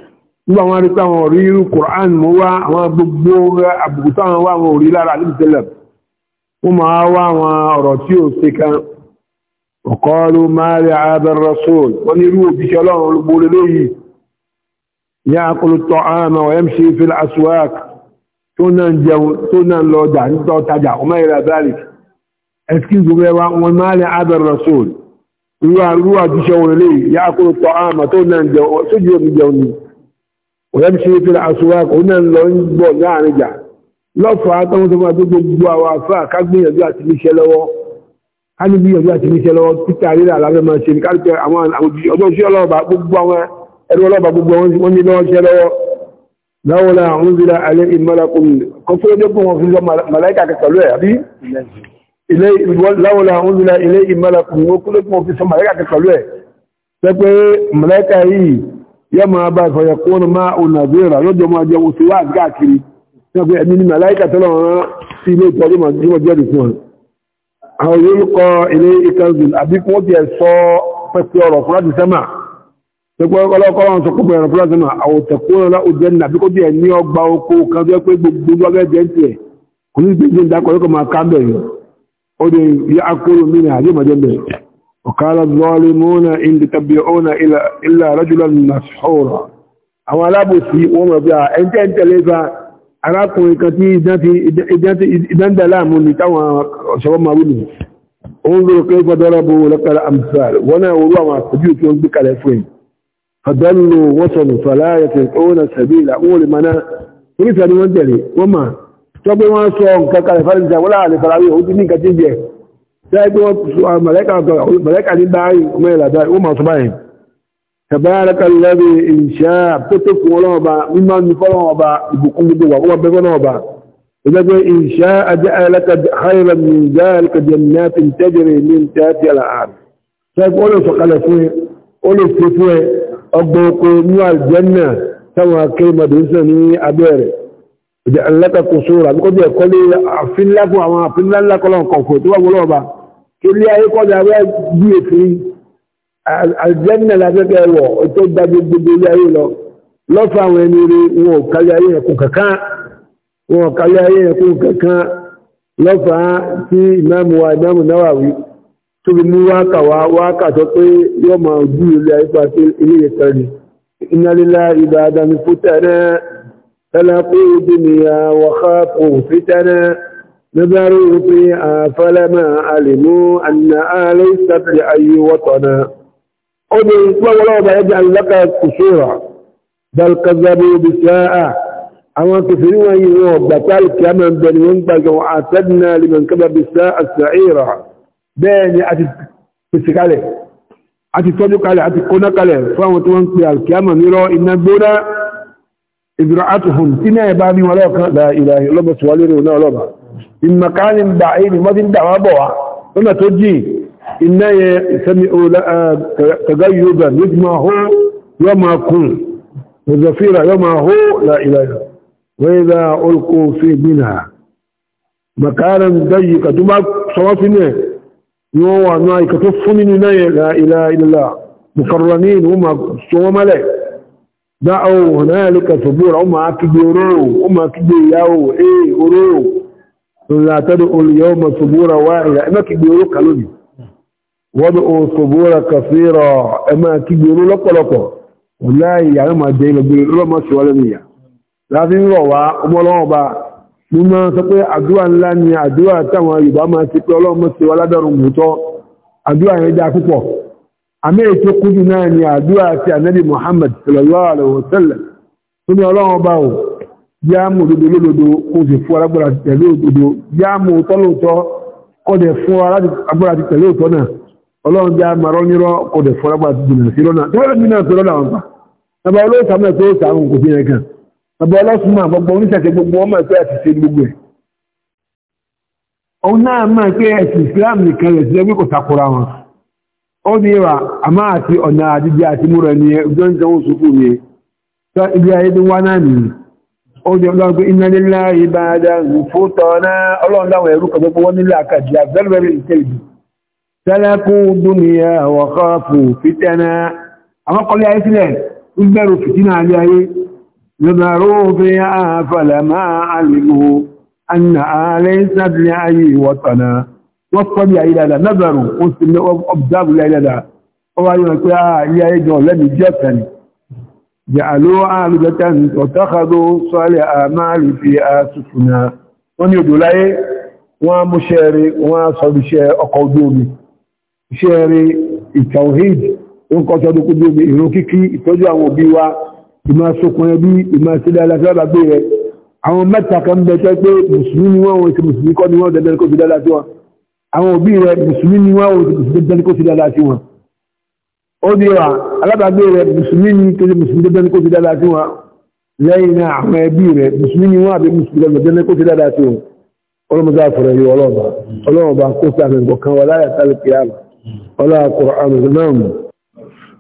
nígbà wọn rí pé àwọn orí irú Qur'an mú wá àwọn gbogbo àbùkútà wọn wá àwọn orí lára alìbìtẹ́lẹ̀ wọ́n ma wá àwọn ọ̀rọ̀ tí ó ṣe kan ọ̀kọ́ ló máa rí abẹ́rẹ́ sóòlù wọ́n ní irú òbíṣẹ́ ọlọ́run olúgbòrè lóyìí يأكل الطعام ويمشي في الأسواق تنن جو تنن لو دعن وما إلى ذلك اسكين جبوا وما لعب الرسول يوا يوا تشاور لي يأكل الطعام تنن جو سجن جوني ويمشي في الأسواق ونن لو بو نرجع لو فاتوا ثم تجوا وافا كبني يجوا تمشي لو كان بيجوا تمشي لو تتعليل على ما شيء قال àwọn àwọn ọjọ́ sí ọlọ́ọ̀bà gbogbo àwọn ẹ̀rọ ọlọ́ba gbogbo wọn ní lọ́wọ́ ṣẹ́ lọ́wọ́ láwọ́lá àwọn òzìlá alẹ́ ìmọ́lákùn kan fún ẹjọ́ fún wọn fi lọ màláìkà kẹtàlú ẹ̀ àbí láwọ́lá àwọn òzìlá ilé ìmọ́lákùn wọn kúlé fún wọn fi sọ màláìkà kẹtàlú ẹ̀ pẹ́pẹ́ màláìkà yìí yẹ máa bá ìfọyẹ kóòrùn máa ònà àbúrà lọ́jọ́ máa tẹ́kọ́lọ́kọ́lọ́n sọ pé ẹ̀rọ fúlọ́sì náà àwòtẹ̀kọ́ ọ̀la òjẹ́ nà bí kò bí ẹ̀ ní ọgbà oko kan tó pé gbogbo ọgbẹ́ jẹ́ tiẹ̀ kò ní gbèjì ń dakọ̀ yóò máa ká bẹ̀ yìí ó lè yí akóró mi ní àdéhùnmájẹ́ bẹ̀ ọ̀kàlà lọ́ọ̀lì mọ́nà ìdí tàbí ọ̀nà ìlà rájúlá nàṣọ́ọ̀rọ̀ àwọn alábòsí wọn mọ̀ bí i ẹ̀ńtẹ́ ńtẹ̀lé fa arákùnrin kan tí ìdáńdà láàmú ni táwọn ọ̀ṣọ́wọ́ máa wù nìyí ó ń rò pé gbọdọ̀ rẹ̀ bó lọ́kàlà àmì sáà wọn náà wọ́n rú àwọn àpèjú tí wọ́n gbé kalẹ̀ فضلوا وصلوا فلا يتلقون سبيل أول منا ونفع نوان جري وما tọ́gbé wọ́n sọ nǹkan kalẹ̀ fàríjà wọ́n láàrin farawe òun ti ní nǹkan jíjẹ tẹ́gbé wọ́n sọ mọ̀lẹ́kà ní báyìí ọmọ ìlàdá ìbùkún gbogbo wà wọ́n bẹ́ fọ́lọ́ọ̀ba ìjọba ìṣẹ́ ajẹ́ alẹ́kà hayra min zalika jannatin tajri min tahtiha al-anhar tẹ́gbé wọ́n fún ẹ ọgbọ̀n oko ní aljanna táwọn akérèmọdé ń sàn ní abẹ́rẹ̀ ìjà ńlákàkó sóra bí kọjá ẹ̀kọ́lé àfínlákùn àwọn àfínlákọ́lọ́n kọ̀ọ̀kọ̀ tó wà wọ́lọ́ ọba kí ilé ayé kọjá rẹ̀ bí èfin aljanna lábẹ́kẹ́ wọ̀ tó gba gbogbo ilé ayé lọ lọ́fà tóbi mú wákà wá wákà sọ pé yóò máa gbú ilé ayípa sí ilé ìkan ni ìnálélá ibà adami fútẹ́rẹ́ tẹ́lápé ìdúnìyà wàhápò fítẹ́rẹ́ نبروا فيها فلما علموا أن ليست لأي وطن أدعي إسلام الله يجعل لك قصورا بل كذبوا بساءة أما كفروا أيها وبتالك يمن بني وانتك وعاتدنا لمن كذب بساء السعيرة bẹ́ẹ̀ ni a ti pèsè kalẹ̀ a ti tọ́jú kalẹ̀ a ti kóná kalẹ̀ fún àwọn tí wọ́n ń pè alkiyama nírọ́ iná gbóná ìdúrà àtùhùn tí náà ẹ̀ bá bí wọn lọ́ọ̀kan da ìlà ọlọ́bọ̀tùwà lérò náà ọlọ́ba ìmọ̀kánì gbà èyí ni wọ́n ti ń dà wá bọ̀ wá lọ́nà tó jìn iná yẹ ìsẹ́mi kàgá yorùbá ní máa hó yọ máa kùn mùzọ̀fíra yọ máa hó la ìlà wọ́n yẹ fi gbìnà mọ̀kánì dáyì kàtúmá sọmọ́fínà يوم أنا يكتف من لا إله إلا الله مكرمين هم سوى ملك دعوا هنالك ثبور هم أكبروا هم أكبروا إيه أروا لا تدعوا اليوم ثبورا واحدة إما كبروا كلوني وادعوا ثبورا كثيرا إما كبروا لك لك والله يعني ما جاي لك ما سوى لنيا لازم يروى أم الله mo máa sọ pé àdúrà ńlá ni àdúrà táwọn Yorùbá máa ti pé ọlọ́mọ ti wá ládọ́rùn mọ́tọ́ àdúrà yẹn dá púpọ̀ àmì ètò kújù náà ni àdúrà ti ànábì Muhammad sallallahu alaihi tó ní ọlọ́run bá ò yá mú òdodo lódodo kó sì fún alágbára ti tẹ̀lé òdodo yá mú òtọ́ kó dẹ̀ fún alágbára ti tẹ̀lé òtọ́ náà ọlọ́run já marọ́ nírọ́ kó dẹ̀ fún alágbára ti sí lọ́nà tó Bàbá ọlọ́sùnmọ̀ gbogbo oníṣẹ̀ṣẹ̀ gbogbo ọmọ ẹ̀fẹ́ àti ṣe gbogbo ẹ̀. Òun náà máa pé ẹ̀sìn Islam nìkan rẹ̀ sí ẹgbẹ́ kò takora wọn. Ó ní ìwà àmá àti ọ̀nà àdíjẹ àti múra ní ọjọ́ ìjọ oṣù fún mi. Sọ ibi ayé tó wá náà nìyí. Ó ní ọlọ́run pé iná nílá ìbáadá fótọ̀ náà ọlọ́run láwọn ẹ̀rú kan gbogbo wọn nílá àkàdì very very intelligent. Sẹ́lẹ́kù dúnìyà wọ̀kọ́ fò fìtẹ́ná. Àwọn kọ́lé ayé sílẹ̀ ń bẹ̀rù fìtínà ayé ayé. نظروا فيها فلما علموا أن ليست لأي وطنا وصل يا إلى ذا نظروا وابدأوا يا إلى ذا وقالوا لك يا إجو لم يجسن جعلوا عابدة واتخذوا صالح أعمال فيها سفنا wọ́n ní odò láyé wọ́n á mú ṣẹ́ rí wọ́n á sọ iṣẹ́ ọkọ̀ ìmá sókun ẹbí ìmá sílẹ̀ aláṣẹ́wàbà gbé rẹ̀ àwọn mẹ́ta kan bẹ tẹ́ pé mùsùlùmí ni wọ́n wọ́n ti mùsùlùmí kọ́ ni wọ́n dandan kó fi dáadáa sí wọn àwọn òbí rẹ̀ mùsùlùmí ni wọ́n wọ́n ti mùsùlùmí dandan kó fi dáadáa sí wọn ó di wa alábàgbé rẹ̀ mùsùlùmí ni tó ti mùsùlùmí dandan kó fi dáadáa sí wọn lẹ́yìn náà àwọn ẹbí rẹ̀ mùsùlùmí ni wọ́n àbí mùsùlùmí dandan kó fi dáadáa sí wọn ọlọ́mọdé àfọ̀rẹ́ yìí ọlọ́ọ̀bà ọlọ́ọ̀bà kó sí àmì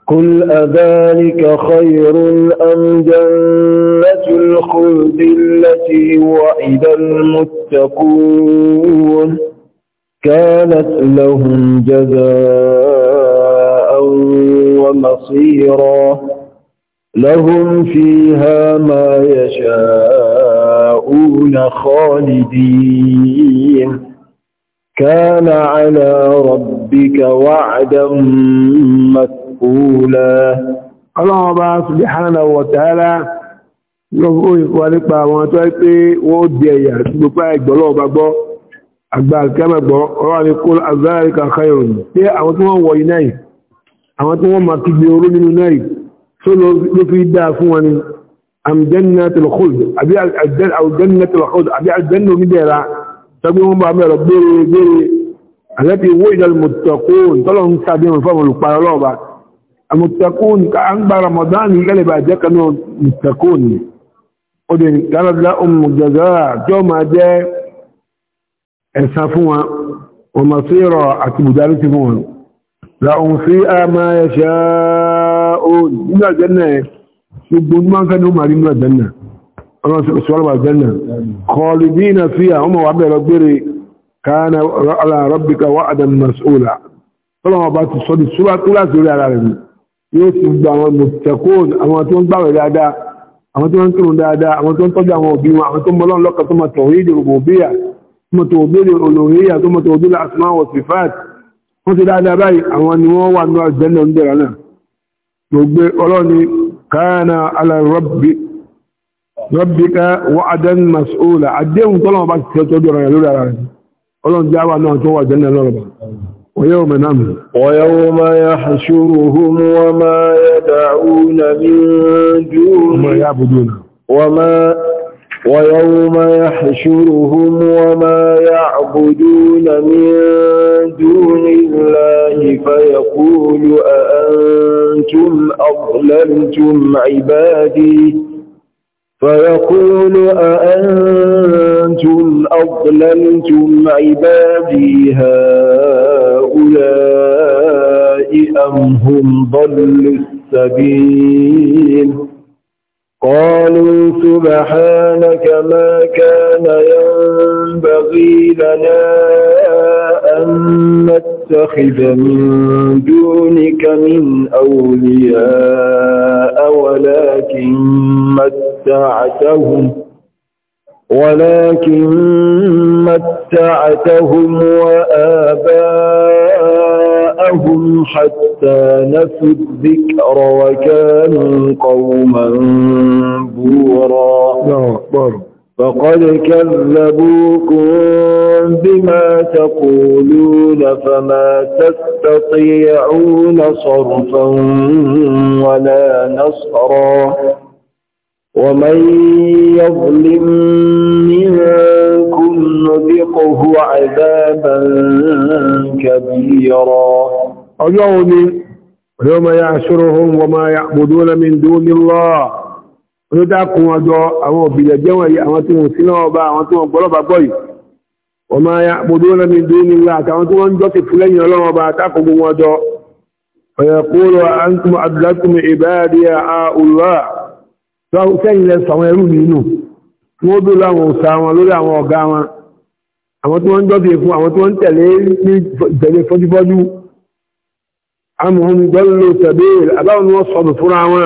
قل أذلك خير أم جنة الخلد التي وعد المتقون كانت لهم جزاء ومصيرا لهم فيها ما يشاءون خالدين كان على ربك وعدا مكتوبا maf'ula ọlọ́run ọba subhanahu wa ta'ala yóò wà nípa àwọn tó wáyé pé wọ́n di ẹ̀yà tí gbogbo ẹgbọ́lọ́ ọba gbọ́ àgbà àkẹ́mẹ̀ gbọ́ ọlọ́run ni qul azalika khayrun pé àwọn tí wọ́n wọ iná yìí àwọn tí wọ́n máa kígbe oró nínú náà yìí tó ló fi dáa fún wọn ni am jannatul المتقون كأنبا رمضان يقلب أجاك أنه متقون ودين قالت لهم جزاء جو ما جاء إنسافوها ومصيرا أكتب دارتفوها لهم فيها ما يشاءون من الجنة يبون ما كانوا مالين من الجنة الله سبحانه وتعالى الجنة خالدين فيها هم وعبد ربي كان على ربك وعدا مسؤولا فلما بات الصديق سورة أولى سورة على ربي yóò ti gba àwọn mọ̀tẹ̀kóòn àwọn tó ń gbàwẹ̀ dáadáa àwọn tó ń kírun dáadáa àwọn tó ń tọ́jú àwọn òbí wọn àwọn tó ń mọ́ lọ́kàn tó mọ̀ tọ̀wé ìdè ògbò bíyà tó mọ̀ tọ̀wé ìdè olóríyà tó mọ̀ tọ̀wé ìdè asma wa sifat wọ́n ti dáadáa báyìí àwọn ni wọ́n wà ní àjẹ́lẹ̀ ń bẹ̀rẹ̀ náà ويوم نعمل ويوم يحشرهم وما يدعون من دون وما يعبدون وما ويوم يحشرهم وما يعبدون من دون الله فيقول أأنتم أضللتم عبادي فيقول أأنتم أضللتم عبادي هؤلاء أم هم ضلوا السبيل قالوا سبحانك ما كان ينبغي لنا أن نتخذ من دونك من أولياء ولكن متعتهم ولكن متعتهم وآباءهم معهم حتى نسوا الذكر وكانوا قوما بورا فقد كذبوكم بما تقولون فما تستطيعون صرفا ولا نصرا ومن يظلم منكم نذقه عذابا كبيرا أجوني يوم يعشرهم وما يعبدون من دون الله onídàkùn ọjọ́ àwọn òbílẹ̀ jẹ́wọ̀n yìí àwọn tí wọ́n sí náà ọba àwọn tí wọ́n gbọ́lọ́bà bọ́ì ọmọ ya gbogbo lẹ́mí dúnni ńlá àtàwọn tí wọ́n ń jọ́sì fún lẹ́yìn ọlọ́run ọba àtàkùn gbogbo ọjọ́ ọ̀yẹ̀kúrò àǹtùmọ̀ àdúlákùnmí ìbáyàdíyà àùlọ́à sẹ́yìn lẹ sọ̀wọ́n ẹrú nínú wọ́n bí láwọn òsà wọn lórí àwọn ọ̀gá wọn àwọn tí wọ́n ń dọ́bí fún àwọn tí wọ́n ń tẹ̀lé ní ìtẹ̀lé fọ́júfọ́jú amòhun gbọ́lò tẹ̀lé àbáwọn wọn sọ̀rọ̀ fúnra wọn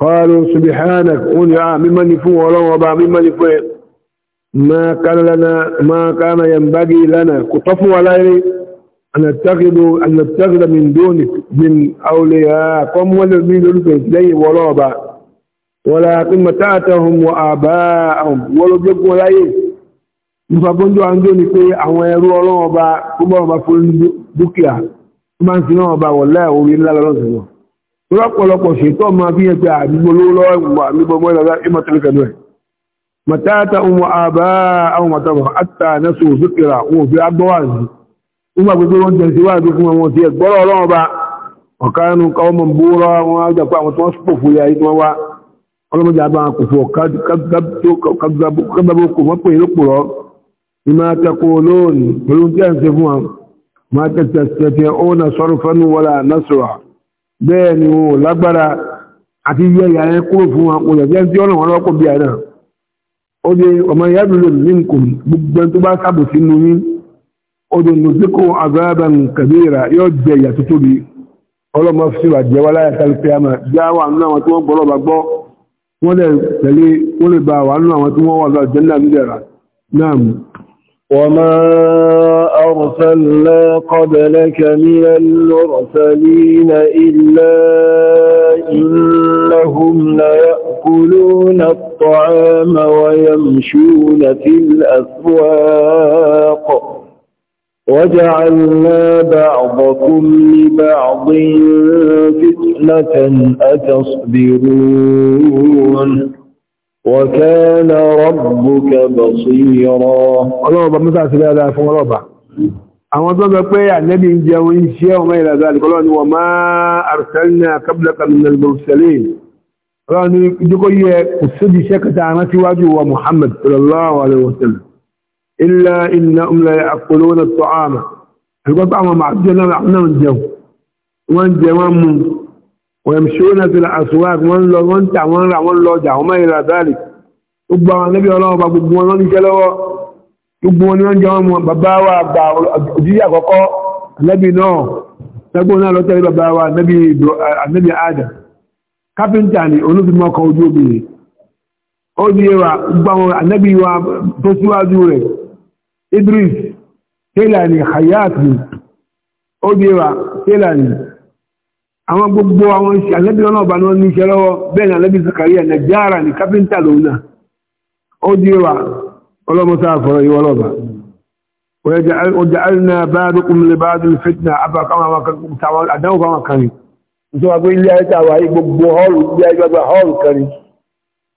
kọ́lù subihana wọn ni a mímọ́ ni fún ọlọ́wọ́ ọba mímọ́ ni fún ẹ máa kánà yẹn bá gé lánà kò tọ́ lẹ́yìn wọlọ́ọ̀ba ولكن متعتهم وآباءهم ولو جبوا لأيه ìfàbọ́njọ́ àjọ́ ni pé àwọn ẹrú ọlọ́wọ́ bá púpọ̀ ọba fún dúkìá tó máa ń fi náà bá wọ̀ láì orí ńlá lọ́lọ́sọ̀rọ̀ tó lọ́pọ̀lọpọ̀ ṣètò ọmọ bí ẹgbẹ́ àdúgbò lówó lọ́wọ́ àdúgbò mọ́ ìlọ́lá ìmọ̀tẹ́lẹ̀kẹ́lẹ́ mọ̀tàtà ohun àbá àwọn mọ̀tàbọ̀ àtà nẹ́sù òṣùkìrà wọn fi agbọ́wàzì wọ́n gbàgbé pé wọ́n tẹ̀sí wà bí fún káwọn mọ̀ búrọ̀ wọn á àwọn tó wọ́n sùpò fúyà yìí ọlọ́mọdé àbá kòfò kábàbókò wọ́n pè lópòrọ́ ní máa tẹ́kọ lóòrùn pẹ̀lú tí a ń ṣe fún wa máa tẹ́tẹ́ ó na sọ́rọ̀ fẹ́nu wọ́la násùwà bẹ́ẹ̀ ni o lágbára àti yẹ ìyá kúrò fún wa kò yẹ̀jẹ́ tí ọ̀nà wọn lọ́kọ̀ bí àná ó dé ọmọ ìyá dúró ní nǹkan gbogbo tó bá sábò sínú yín ó dé nùsíkò àgbàbà kàbíra yóò jẹ ìyà tó tóbi ọlọ́mọ fi wà jẹ́ wá láyà tálífẹ́ àmà jáwà nínú wọ́n lè tẹ̀lé wọ́n lè bá wà nínú àwọn tí wọ́n wà lọ jẹ́ nàìjíríà náà mú. وما أرسلنا قبلك من المرسلين إلا إنهم ليأكلون الطعام ويمشون في الأسواق وجعلنا بعضكم لبعض فتنة أتصبرون وكان ربك بصيرا الله رب مساء سبيا لا يفهم رب أعوذ الله بقية النبي جاوين شيئا وما إلى ذلك الله وما أرسلنا قبلك من المرسلين الله يقول يقول يقول يقول يقول يقول يقول يقول يقول يقول يقول يقول يقول يقول يقول يقول إلا إنهم لا يأكلون الطعام يقول طعم مع الجنة احنا نجو ونجوام ويمشون في الأسواق ونلو ونتع ونرع ونلو جع وما إلى ذلك gbogbo àwọn ẹgbẹ́ ọlọ́wọ́ bá gbogbo wọn lọ́nà iṣẹ́ lọ́wọ́ gbogbo wọn ni wọ́n jẹun wọn bàbá wa àgbà òjíyà àkọ́kọ́ ànábì náà lẹ́gbọ́n náà lọ́tẹ̀lé bàbá wa ànábì àdà kápẹ́ntà ni olóògbìmọ̀kọ̀ ojú obìnrin ó ní ẹwà gbogbo àwọn ànábì wa tó síwájú rẹ̀ Idris tẹ́lá ni hayat ni obìnrin tẹ́lá ni àwọn gbogbo àwọn iṣẹ́ alẹ́bí lọ́nà ọba náà níṣẹ́ lọ́wọ́ bẹ́ẹ̀ ni alẹ́bí Zakaria Najjara ni kápẹ́ntà lòun náà obìnrin ọlọ́mọta àfọ̀rọ̀ ìwọ lọ́ba waja'alna ba'dakum fitna abakama àdáwò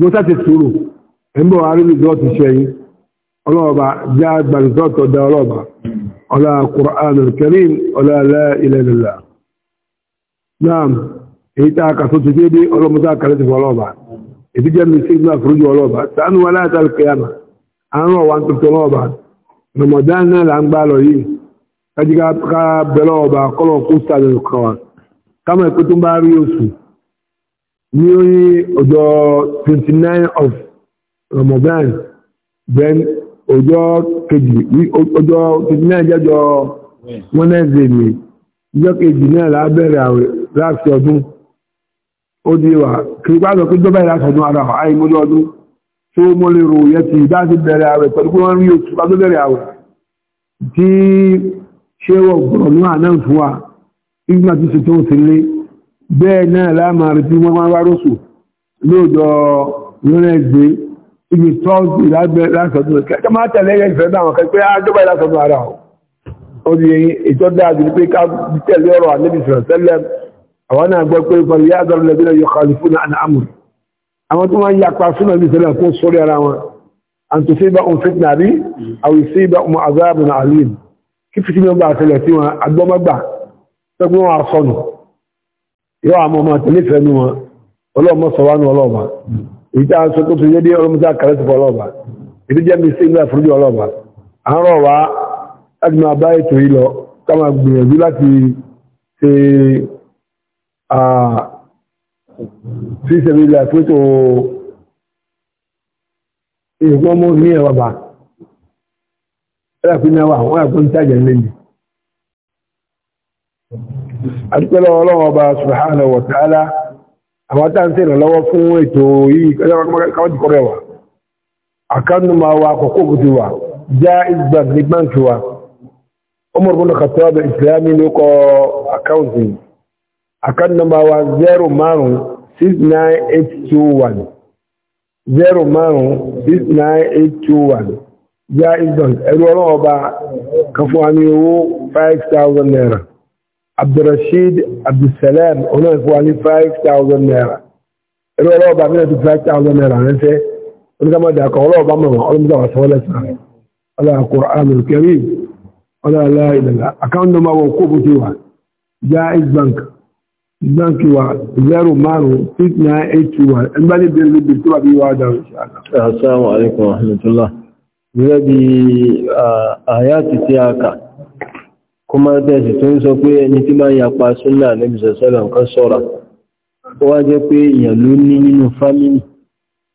ló sáti sùúrù ẹ̀mbọ̀ arínìdọ́tì ṣẹ́yìn ọlọ́ọ̀bá já gbàrìsọ́tọ̀ dá ọlọ́ọ̀bá ọlá Qur'an al-Karim ọlá la ilaha illallah náà èyí tá a kà tó ti dédé ọlọ́mọdá kàlẹ́ ti fọ ọlọ́ọ̀bá èdè jẹ́ mi sí ìgbà fúrújú ọlọ́ọ̀bá sànú wa láti alkiyama àárọ̀ wa ń tuntun ọlọ́ọ̀bá ní ọjọ́ 29 of Ramadan then ọjọ́ kejì ọjọ́ 29 jẹ́jọ́ Wednesday ni ọjọ́ kejì náà lábẹ́rẹ̀ láti ọdún ó di wà kìrìpá lọ pé jọba ìlàsọ̀ ọdún ara àìmọ́lẹ́ ọdún tó mọ́ lè rò yẹ ti dáàbí bẹ̀rẹ̀ àwẹ̀ pẹ̀lú pé wọ́n rí oṣù bá tó bẹ̀rẹ̀ àwẹ̀ tí ṣé wọ́n gbọ́dọ̀ ní àná fún wa ìgbà tó ṣe tó ń ṣe lé bẹ́ẹ̀ náà láàmàrí tí wọ́n máa wárọ́sù lóòjọ́ lónẹ́gbé ibi tọ́ọ̀sì lásọ̀tún kẹta máa tẹ̀lé ìfẹ́ náà kẹ́ pé àjọba ah, ìlàsọ̀tún ara ọ̀ orí ìjọba àti pé ká tẹ̀lé ọ̀rọ̀ àlébì sọ̀rọ̀sẹ́lẹ̀ àwọn náà gbọ́ pé pẹ̀lú yáàdọ̀rọ̀ lẹ́bílẹ̀ yóò kọlu fún àmù àwọn tó máa ń yapa súnà ní ìṣẹ̀lẹ̀ fún sórí ara wọn àti sí ibà òun fitna rí àwọn ìsí ibà òun azáàbùn àlìm kí fitinú bá àṣẹlẹ̀ sí wọn agbọ́mọ́gbà tẹ́gbọ́n àsọnù yóò àmọ́ ọmọ àti nífẹ̀ẹ́ nu wọn ọlọ́ọ̀mọ sọ wá nu ọlọ́ọ̀bà èyí tí a sọ tó tó yé dé ọlọ́mọdé kàrẹ́sì fún ọlọ́ọ̀bà èyí jẹ́ mi sí ìlú àfúrúdì ọlọ́ọ̀bà à ń rọ̀ wá láti máa bá ètò yìí lọ ká máa gbìyànjú láti ṣe sí ìṣẹ̀lẹ̀ ilẹ̀ àfúrúdì ìgbọ́n mọ́ ní ẹ̀wà bá ẹ̀rọ àpínlẹ̀ àdúgbẹ́lọ ọlọ́wọ́ ọba subhanahu wa ta'ala àwọn tá ń tẹ́ ìrànlọ́wọ́ fún ètò yìí káwọ́dì kọ́rẹ̀ wà àkánú máa wa àkọ́kọ́ òkúti wà já isbank ní báńkì wa Umar bin Khattab ìsìlámì ló kọ àkáùntì àkánú máa wa 0569821 0569821 já isbank ẹ̀rọ ọlọ́wọ́ kan fún wa owó 5000 naira abdulrasheed abdulsalam olóyè fún wa ní five thousand naira irú ọlọ́ọ̀bá mi náà ti five thousand naira rẹ́ńtẹ́ oníkàmọ́dé akọ ọlọ́ọ̀bá mọ̀ wọn ọlọ́mọdé àwọn sọ́wọ́lẹ̀ sàn ọlọ́ Al-Qur'anul Karim ọlọ́ aláìlẹ́lá account number wọn kó bùtì wa Jaiz bank bank wa zero márùn six nine eight tó bá bí wà á dáhùn inshallah. assalamu alaikum wa gẹ́gẹ́ bí ah, àyà ti ti a kà kó máa tẹ́sì tó ń sọ pé ẹni tí máa yapa súnà níbi sọ̀sọ́lọ̀ nǹkan sọ̀rọ̀ ó wá jẹ́ pé èèyàn ló ní nínú fámìlì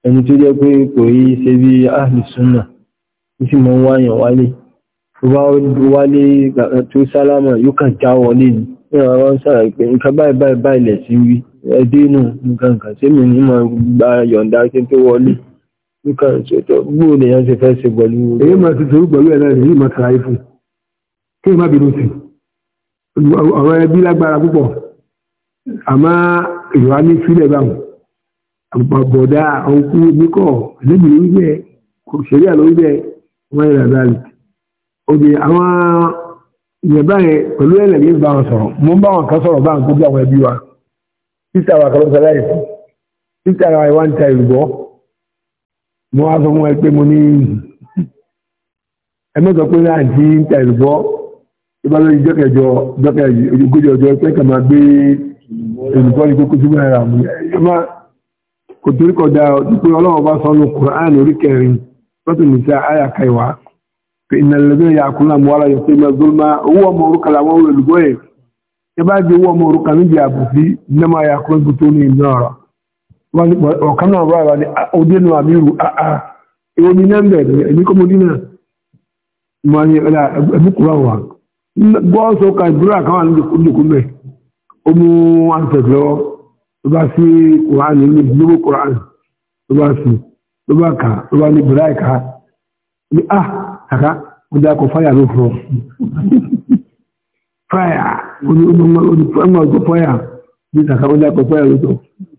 ẹni tó jẹ́ pé kò yí ṣe bí áàlì súnà ó sì mọ́ wáyàn wálé tó bá wálé tó sálámà yóò kàn já wọlé ní ìwọ̀n wọn sára pé nǹkan báyìí báyìí kí má bínú sí ọ̀rọ̀ ẹbí lágbára púpọ̀ àmá ìwà ní sílẹ̀ báwọn àgbàgbọ̀dá ọkú níkọ̀ lẹ́bìrì wípé kò ṣeré àlọ́ wípé wọ́n yẹra dáàlì òbí àwọn ìyẹn báyẹn pẹ̀lú ẹlẹ́gbẹ́ bá wọn sọ̀rọ̀ mo ń bá wọn kan sọ̀rọ̀ báwọn tó bí àwọn ẹbí wa títà wà kan lọ́sọ̀ láì fún títà ara wa ń ta ìrùbọ́ mo wá sọ fún ẹ pé mo ní ẹ mọ́tò pé láàjì ń ta ìrùbọ́ ìbálẹ̀ ìjọ́kẹjọ ogójì ọjọ́ pé kà máa gbé olùkọ́ ní kókó síbẹ̀ ara mú ẹ̀yọ́má kò torí kọjá pé ọlọ́wọ́ bá sọ́nù kùrán orí kẹrin lọ́tù nìta àyà kẹwà pé ìnàlẹ́gbẹ́ ya àkúnlá mú ara yọ pé mẹ́gbọ́nmá owó ọmọ orúkà làwọn olùkọ́ ẹ̀ ẹ bá gbé owó ọmọ orúkà níbi àbùsí nẹ́mà ya àkúnlá tó ní ìlú ọ̀rọ̀ ọ̀kan náà bá wà ní ọdẹ́nu àmì ìrù àà èwo ni nẹ́mbẹ̀rẹ̀ ẹ̀mí kọ́mọdínà mọ́ ẹ̀mí kúrò àwọn bọ́ọ̀sì ọkà ìdúrà káwọn àlejò mẹ́ ó mú a lọ́wọ́ ló bá sí quran ní gbogbo quran ló bá sí ló bá kà ló bá ní bùrá ìka ní kàkà ó fáyà ló fọ fáyà kọ fáyà ló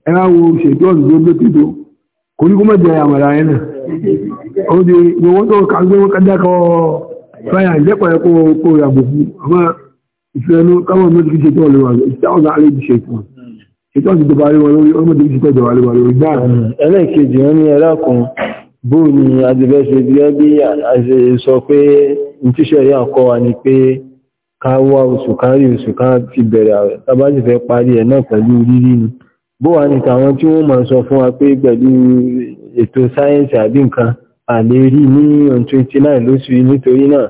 ẹ wo ṣètò kò ní kó má jẹ àmàlà yẹn náà ó di tó kà ń gbé wọn fáyà ìjẹ́pọ̀ yẹ kó kó yàgò fún ọmọ ìfẹ́nu káwọn ọmọ ti fi ṣètò ọ̀lẹ́ wa ìṣàwọn àlẹ́ ti ṣètò ṣètò ọ̀sìn tó bá rí wọn lórí ọmọ ti fi ṣètò ọ̀dọ̀ àlẹ́ hmm. ni adìbẹ́sẹ̀ bí ẹbí àṣẹ sọ pé ntíṣẹ́ ni pé ká wá oṣù ká rí oṣù ká ti bẹ̀rẹ̀ àwẹ̀ tábà fẹ́ parí ẹ̀ náà pẹ̀lú rírí ni bó wà ní tàwọn tí wọ́n máa sọ fún wa pé pẹ̀lú ètò sáyẹ́ǹsì àbí àlè rí ní on 29 lóṣù nítorí náà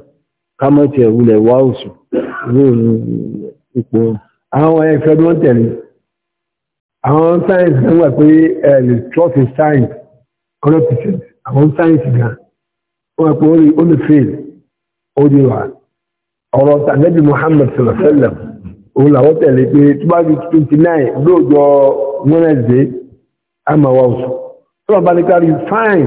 kámọ́tì ẹ̀wulẹ̀ wá oṣù ní ipò àwọn ẹ̀fẹ́ ló ń tẹ̀lé àwọn sáyẹ̀nsì náà wà pé ẹ̀lì trọ́fì sáyẹ̀nsì kọ́lọ́pìtì àwọn sáyẹ̀nsì gan wọ́n wà pé ó lè fail ó di wà ọ̀rọ̀ tàbí Muhammad sallallahu alaihi wasallam òun làwọn tẹ̀lé pé tó bá di 29 lóòjọ́ Wednesday àmàwà oṣù tó wà bá ní fine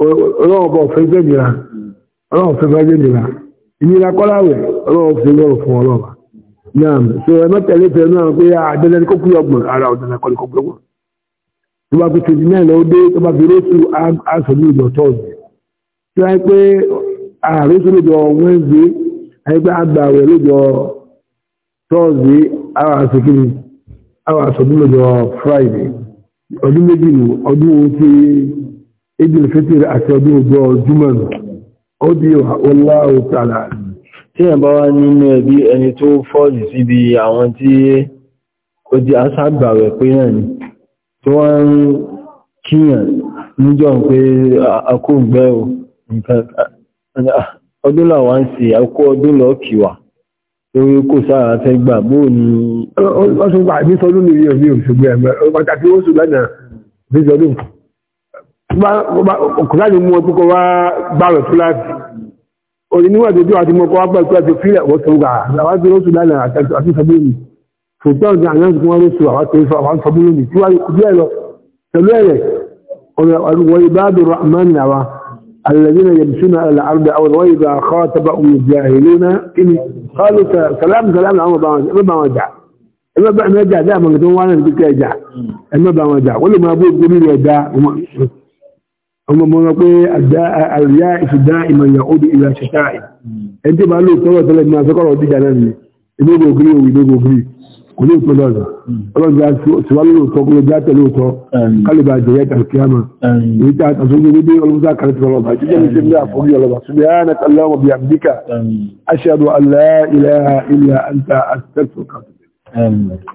ọlọ́ọ̀bọ̀ fẹ́ fẹ́ nira ọlọ́ọ̀ fẹ́ ìnira kọ́láwẹ̀ ọlọ́ọ̀ lọ́rọ̀ fún ọlọ́ọ̀bà náà so ẹ má fẹ́ náà pé àdẹ́lẹ́ni ah, kó kúrò ọgbọ̀n ara ọ̀dẹ́lẹ́ kọ́lé kó kúrò tó bá fi twenty nine lọ dé tó bá fi rótù ìjọ tọ́ọ̀dù tí wọ́n pé àrótù lójọ àgbàwẹ̀ lójọ tọ́ọ̀dù àwọn àwọn lójọ friday ọdún méjì ọdún idil fitir àti ọdún ọjọ́ jùmọ̀nù ó di wallahu ta'ala tí ẹ̀bá wá nínú ẹbí ẹni tó fọ́ọ̀lì síbi àwọn tí ó di aṣágbàwẹ̀ pé náà ni tí wọ́n ń kíyàn níjọ́ pé akóǹgbẹ́ o ọdún làwọn sì akó ọdún lọ kìwà lórí kò sára fẹ́ gbà bóò ni ọdún gbà ní sọdún nìyí ọdún òṣùgbẹ́ ẹgbẹ́ pàtàkì ó sùn lánàá bí sọdún kan ọkùnrin mú ọdún kọ wá gbáwẹ̀ fúláàtì oníníwàjú tí wàá ti mọ́ kọ́ wá pẹ̀lú ẹ̀tọ́ fílẹ̀ wọ́n tó gbà àwọn tó lóṣù lánàá àti sọbílì fòtọ́n ní àwọn tó wọ́n lóṣù àwọn tó fọ́ àwọn sọbílì ní tí wáyé kúrò ẹ̀rọ pẹ̀lú ẹ̀rẹ̀ ọ̀rọ̀ ìbáàdù rahman nàwa alẹ́dínà yẹmsúnà alàrùdà àwọn wọ́n ìgbà kọ́ taba omi jẹ́ ìlúna kíni kọ́lù sàlámù sàlámù àwọn bá wọn jà ẹgbẹ́ bá wọn jà dáàmù tó wọn wá náà ní kíkẹ́ jà ẹgbẹ́ bá wọn jà wọ́n lè máa bó gorí rẹ̀ dá ọmọ mọ́ra pé àríyá ìfìdá ìmọ̀ ìyàwó di ìlà ṣẹta ẹ̀ ẹni tí bá lò tọ́rọ̀ tẹ́lẹ̀ ní àṣọ́kọ̀rọ̀ díjà náà ni ilé-ìgbò gírí òwì ilé-ìgbò gírí kò ní ìpínlẹ̀ ọ̀dọ̀ ọlọ́dún àṣìwá lóòótọ́ kó lóòótọ́ tẹ̀lé òótọ́ kálíbà jẹ̀rẹ̀ kàlùkìyàmà èyí tí a tàṣọ ní bí ọlọ́dún àkàrẹ́ tẹ̀lé ọlọ́ba jíjẹ́ ní sẹ́mi